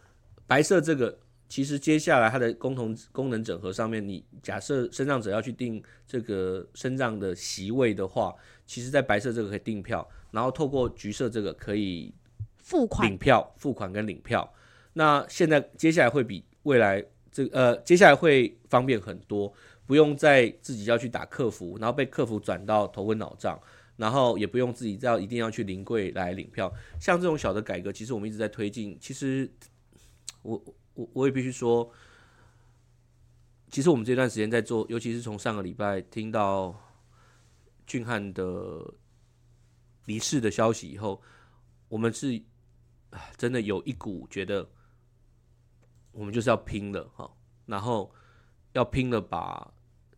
白色這個，其實接下來它的共同功能整合上面，你假設身障者要去訂這個身障的席位的話，其實在白色這個可以訂票。然後透過橘色這個可以付款領票、付款，付款跟領票。那現在接下來會比未來這呃接下來會方便很多，不用再自己要去打客服，然後被客服轉到頭昏腦脹，然後也不用自己再一定要去臨櫃來領票。像這種小的改革，其實我們一直在推進。其實我我我也必須說，其實我們這段時間在做，尤其是從上個禮拜聽到俊翰的。離世的消息以後，我們是，真的有一股覺得，我們就是要拼了哈，然後要拼了，把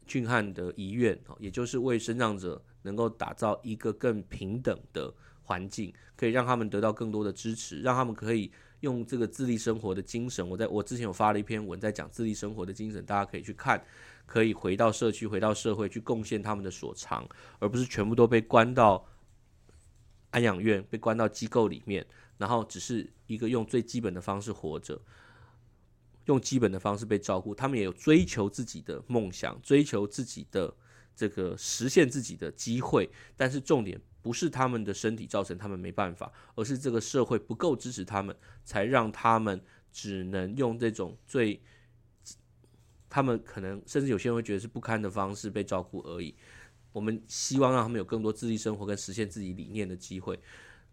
俊翰的遺願，也就是為生長者能夠打造一個更平等的環境，可以讓他們得到更多的支持，讓他們可以用這個自立生活的精神。我在我之前有發了一篇文在講自立生活的精神，大家可以去看，可以回到社區，回到社會去貢獻他們的所長，而不是全部都被關到。安養院被關到機構裡面，然後只是一個用最基本的方式活着，用基本的方式被照顧。他們也有追求自己的夢想，追求自己的這個實現自己的機會。但是重點不是他們的身體造成他們沒辦法，而是這個社會不夠支持他們，才讓他們只能用這種最，他們可能甚至有些人會覺得是不堪的方式被照顧而已。我們希望讓他們有更多自立生活跟實現自己理念的機會。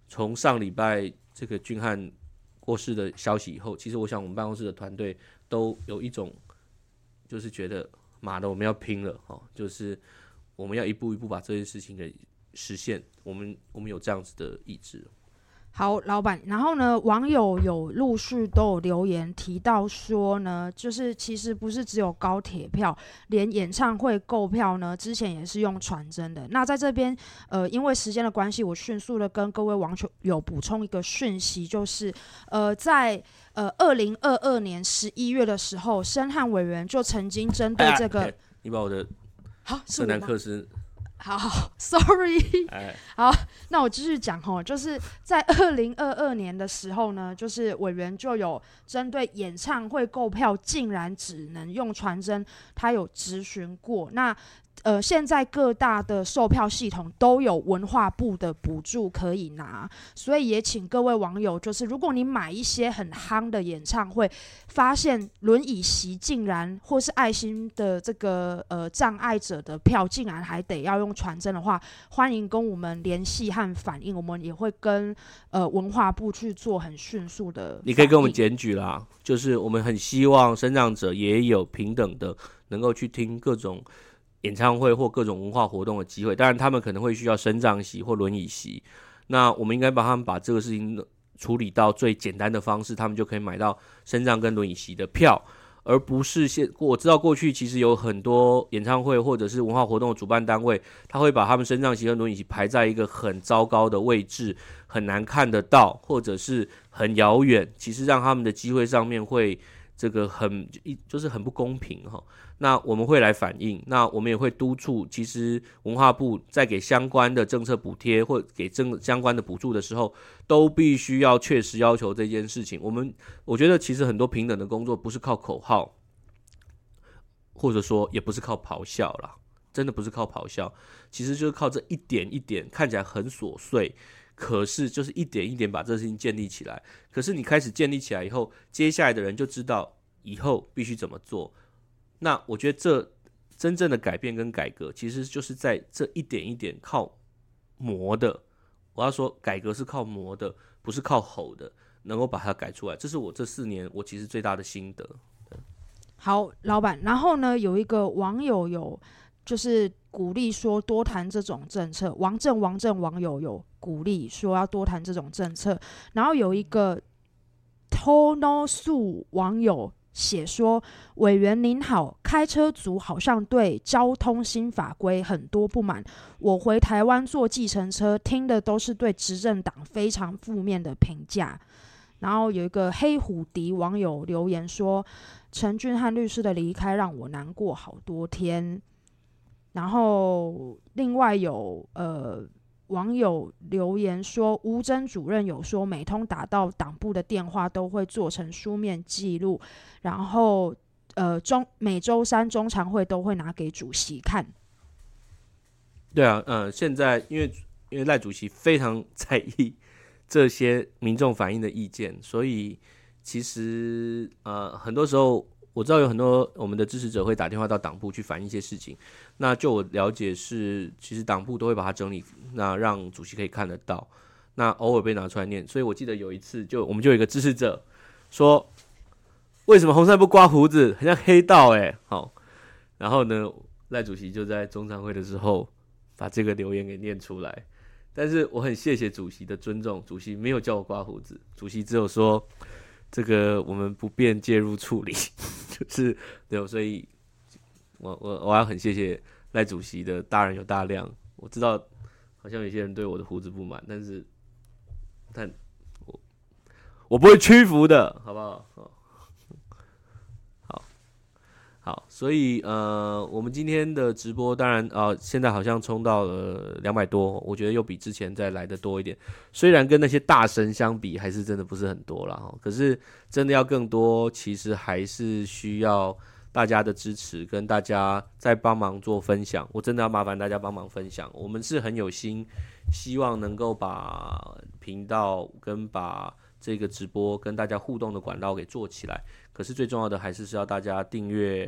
從上禮拜這個俊翰過世的消息以後，其實我想我們辦公室的團隊都有一種，就是覺得媽的我們要拼了哦，就是我們要一步一步把這件事情給實現。我們我們有這樣子的意志。好，老闆。然後呢，網友有陸續都有留言提到說呢，就是其實不是只有高鐵票，連演唱會購票呢，之前也是用傳真的。的那在這邊，呃，因為時間的關係，我迅速的跟各位網友有補充一個訊息，就是，呃，在呃二零二二年十一月的時候，申翰委員就曾經針對這個，哎哎、你把我的好，啊、南克斯。好，sorry。 好，那我繼續講哦，就是在二零二二年的時候呢，就是委員就有針對演唱會購票，竟然只能用傳真，他有質詢過，那呃，現在各大的售票系統都有文化部的補助可以拿，所以也請各位網友，就是如果你買一些很夯的演唱會，發現輪椅席竟然或是愛心的這個呃障礙者的票竟然還得要用傳真的話，歡迎跟我們聯繫和反映，我們也會跟呃文化部去做很迅速的。你可以跟我們檢舉啦，就是我們很希望身障者也有平等的，能夠去聽各種。演唱會或各種文化活動的機會，當然他們可能會需要升降席或輪椅席。那我們應該幫他們把這個事情處理到最簡單的方式，他們就可以買到升降跟輪椅席的票，而不是現。我知道過去其實有很多演唱會或者是文化活動的主辦單位，他會把他們升降席和輪椅席排在一個很糟糕的位置，很難看得到，或者是很遙遠，其實讓他們的機會上面會。這個很一就是很不公平哈、哦，那我們會來反映，那我們也會督促。其實文化部在給相關的政策補貼或給政相關的補助的時候，都必須要確實要求這件事情。我們我覺得其實很多平等的工作不是靠口號，或者說也不是靠咆哮啦，真的不是靠咆哮，其實就是靠這一點一點，看起來很瑣碎。可是就是一點一點把這事情建立起來。可是你開始建立起來以後，接下來的人就知道以後必須怎麼做。那我覺得這真正的改變跟改革，其實就是在這一點一點靠磨的。我要說，改革是靠磨的，不是靠吼的，能夠把它改出來。這是我這四年我其實最大的心得。好，老板。然後呢，有一個網友有。就是鼓勵說多談這種政策，王政王政網友有鼓勵說要多談這種政策，然後有一個 Tono Su 網友寫說委員您好，開車族好像對交通新法規很多不滿，我回台灣坐計程車聽的都是對執政黨非常負面的評價，然後有一個黑虎迪網友留言說，陳俊翰律師的離開讓我難過好多天。然後，另外有呃網友留言說，吳崢主任有說，每通打到黨部的電話都會做成書面記錄，然後呃，中每周三中常會都會拿給主席看。對啊，嗯、呃，現在因為因為賴主席非常在意這些民眾反映的意見，所以其實呃很多時候。我知道有很多我們的支持者會打電話到黨部去反映一些事情，那就我了解是，其實黨部都會把它整理，那讓主席可以看得到，那偶爾被拿出來念。所以我記得有一次就，就我們就有一個支持者說，為什麼洪申翰不刮鬍子，很像黑道哎、欸，好，然後呢，賴主席就在中常會的時候把這個留言給念出來，但是我很謝謝主席的尊重，主席沒有叫我刮鬍子，主席只有說。這個我們不便介入處理，就是對哦，所以我我我要很謝謝賴主席的大人有大量。我知道好像有些人對我的鬍子不滿，但是，但我我不會屈服的，好不好？好好，所以呃，我們今天的直播，當然呃，現在好像衝到了呃、兩百多，我覺得又比之前再來得多一點。雖然跟那些大神相比，還是真的不是很多了哈。可是真的要更多，其實還是需要大家的支持，跟大家再幫忙做分享。我真的要麻煩大家幫忙分享，我們是很有心，希望能夠把頻道跟把這個直播跟大家互動的管道給做起來。可是最重要的還是是要大家訂閱，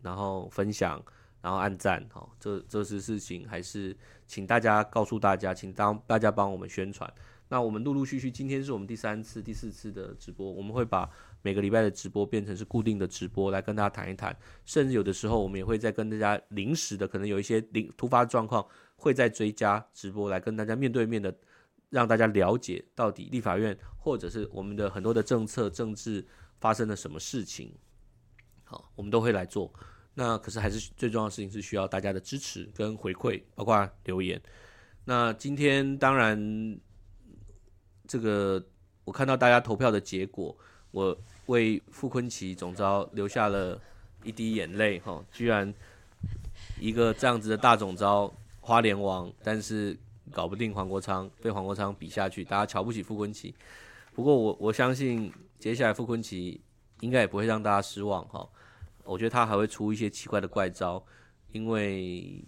然後分享，然後按讚，哈，這這次事情還是請大家告訴大家，請當大家幫我們宣傳。那我們陸陸續續，今天是我們第三次、第四次的直播，我們會把每個禮拜的直播變成是固定的直播，來跟大家談一談。甚至有的時候，我們也會再跟大家臨時的，可能有一些臨突發狀況，會再追加直播來跟大家面對面的，讓大家了解到底立法院或者是我們的很多的政策、政治，發生了什麼事情？好，我們都會來做。那可是還是最重要的事情是需要大家的支持跟回饋，包括留言。那今天當然，這個我看到大家投票的結果，我為傅崐萁總召流下了一滴眼淚哈！居然一個這樣子的大總召花蓮王，但是搞不定黃國昌，被黃國昌比下去，大家瞧不起傅崐萁。不過我我相信。接下來傅崐萁應該也不會讓大家失望哈、哦，我覺得他還會出一些奇怪的怪招，因為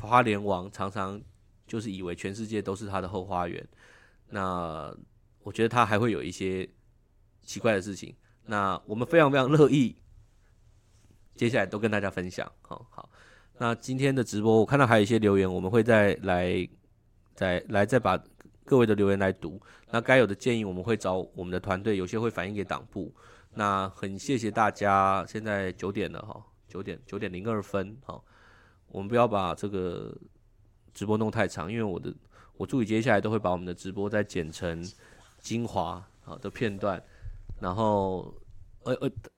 花蓮王常常就是以為全世界都是他的後花園，那我覺得他還會有一些奇怪的事情，那我們非常非常樂意接下來都跟大家分享哈、哦。好，那今天的直播我看到還有一些留言，我們會再來再來再把。各位的留言來讀，那該有的建議我們會找我們的團隊，有些會反映給黨部。那很謝謝大家，現在九點了哈，九點九點零二分哈，我們不要把這個直播弄太長，因為我的我助理接下來都會把我們的直播再剪成精華好的片段，然後呃呃、欸欸，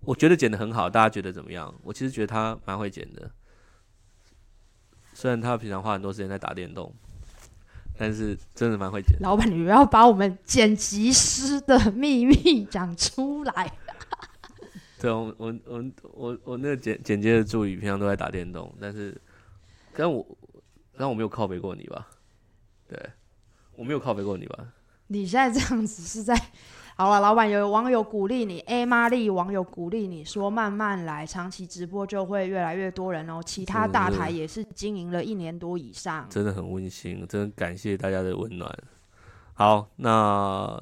我覺得剪得很好，大家覺得怎麼樣？我其實覺得他蠻會剪的，雖然他平常花很多時間在打電動。但是真的蠻會剪。老闆，你不要把我們剪輯師的秘密講出來啊。 對，我我我我我那個剪剪接的助理平常都在打電動，但是，但我但我沒有靠背過你吧？對，我沒有靠背過你吧？你現在這樣子是在。好了、啊，老闆有，有網友鼓勵你，欸，Emily 網友鼓勵你說慢慢來，長期直播就會越來越多人哦。其他大台也是經營了一年多以上，嗯、真的很溫馨，真的感謝大家的溫暖。好，那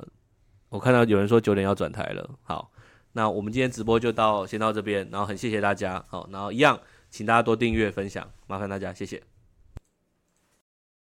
我看到有人說九點要轉台了，好，那我們今天直播就到先到這邊，然後很謝謝大家，好、哦，然後一樣，請大家多訂閱、分享，麻煩大家，謝謝。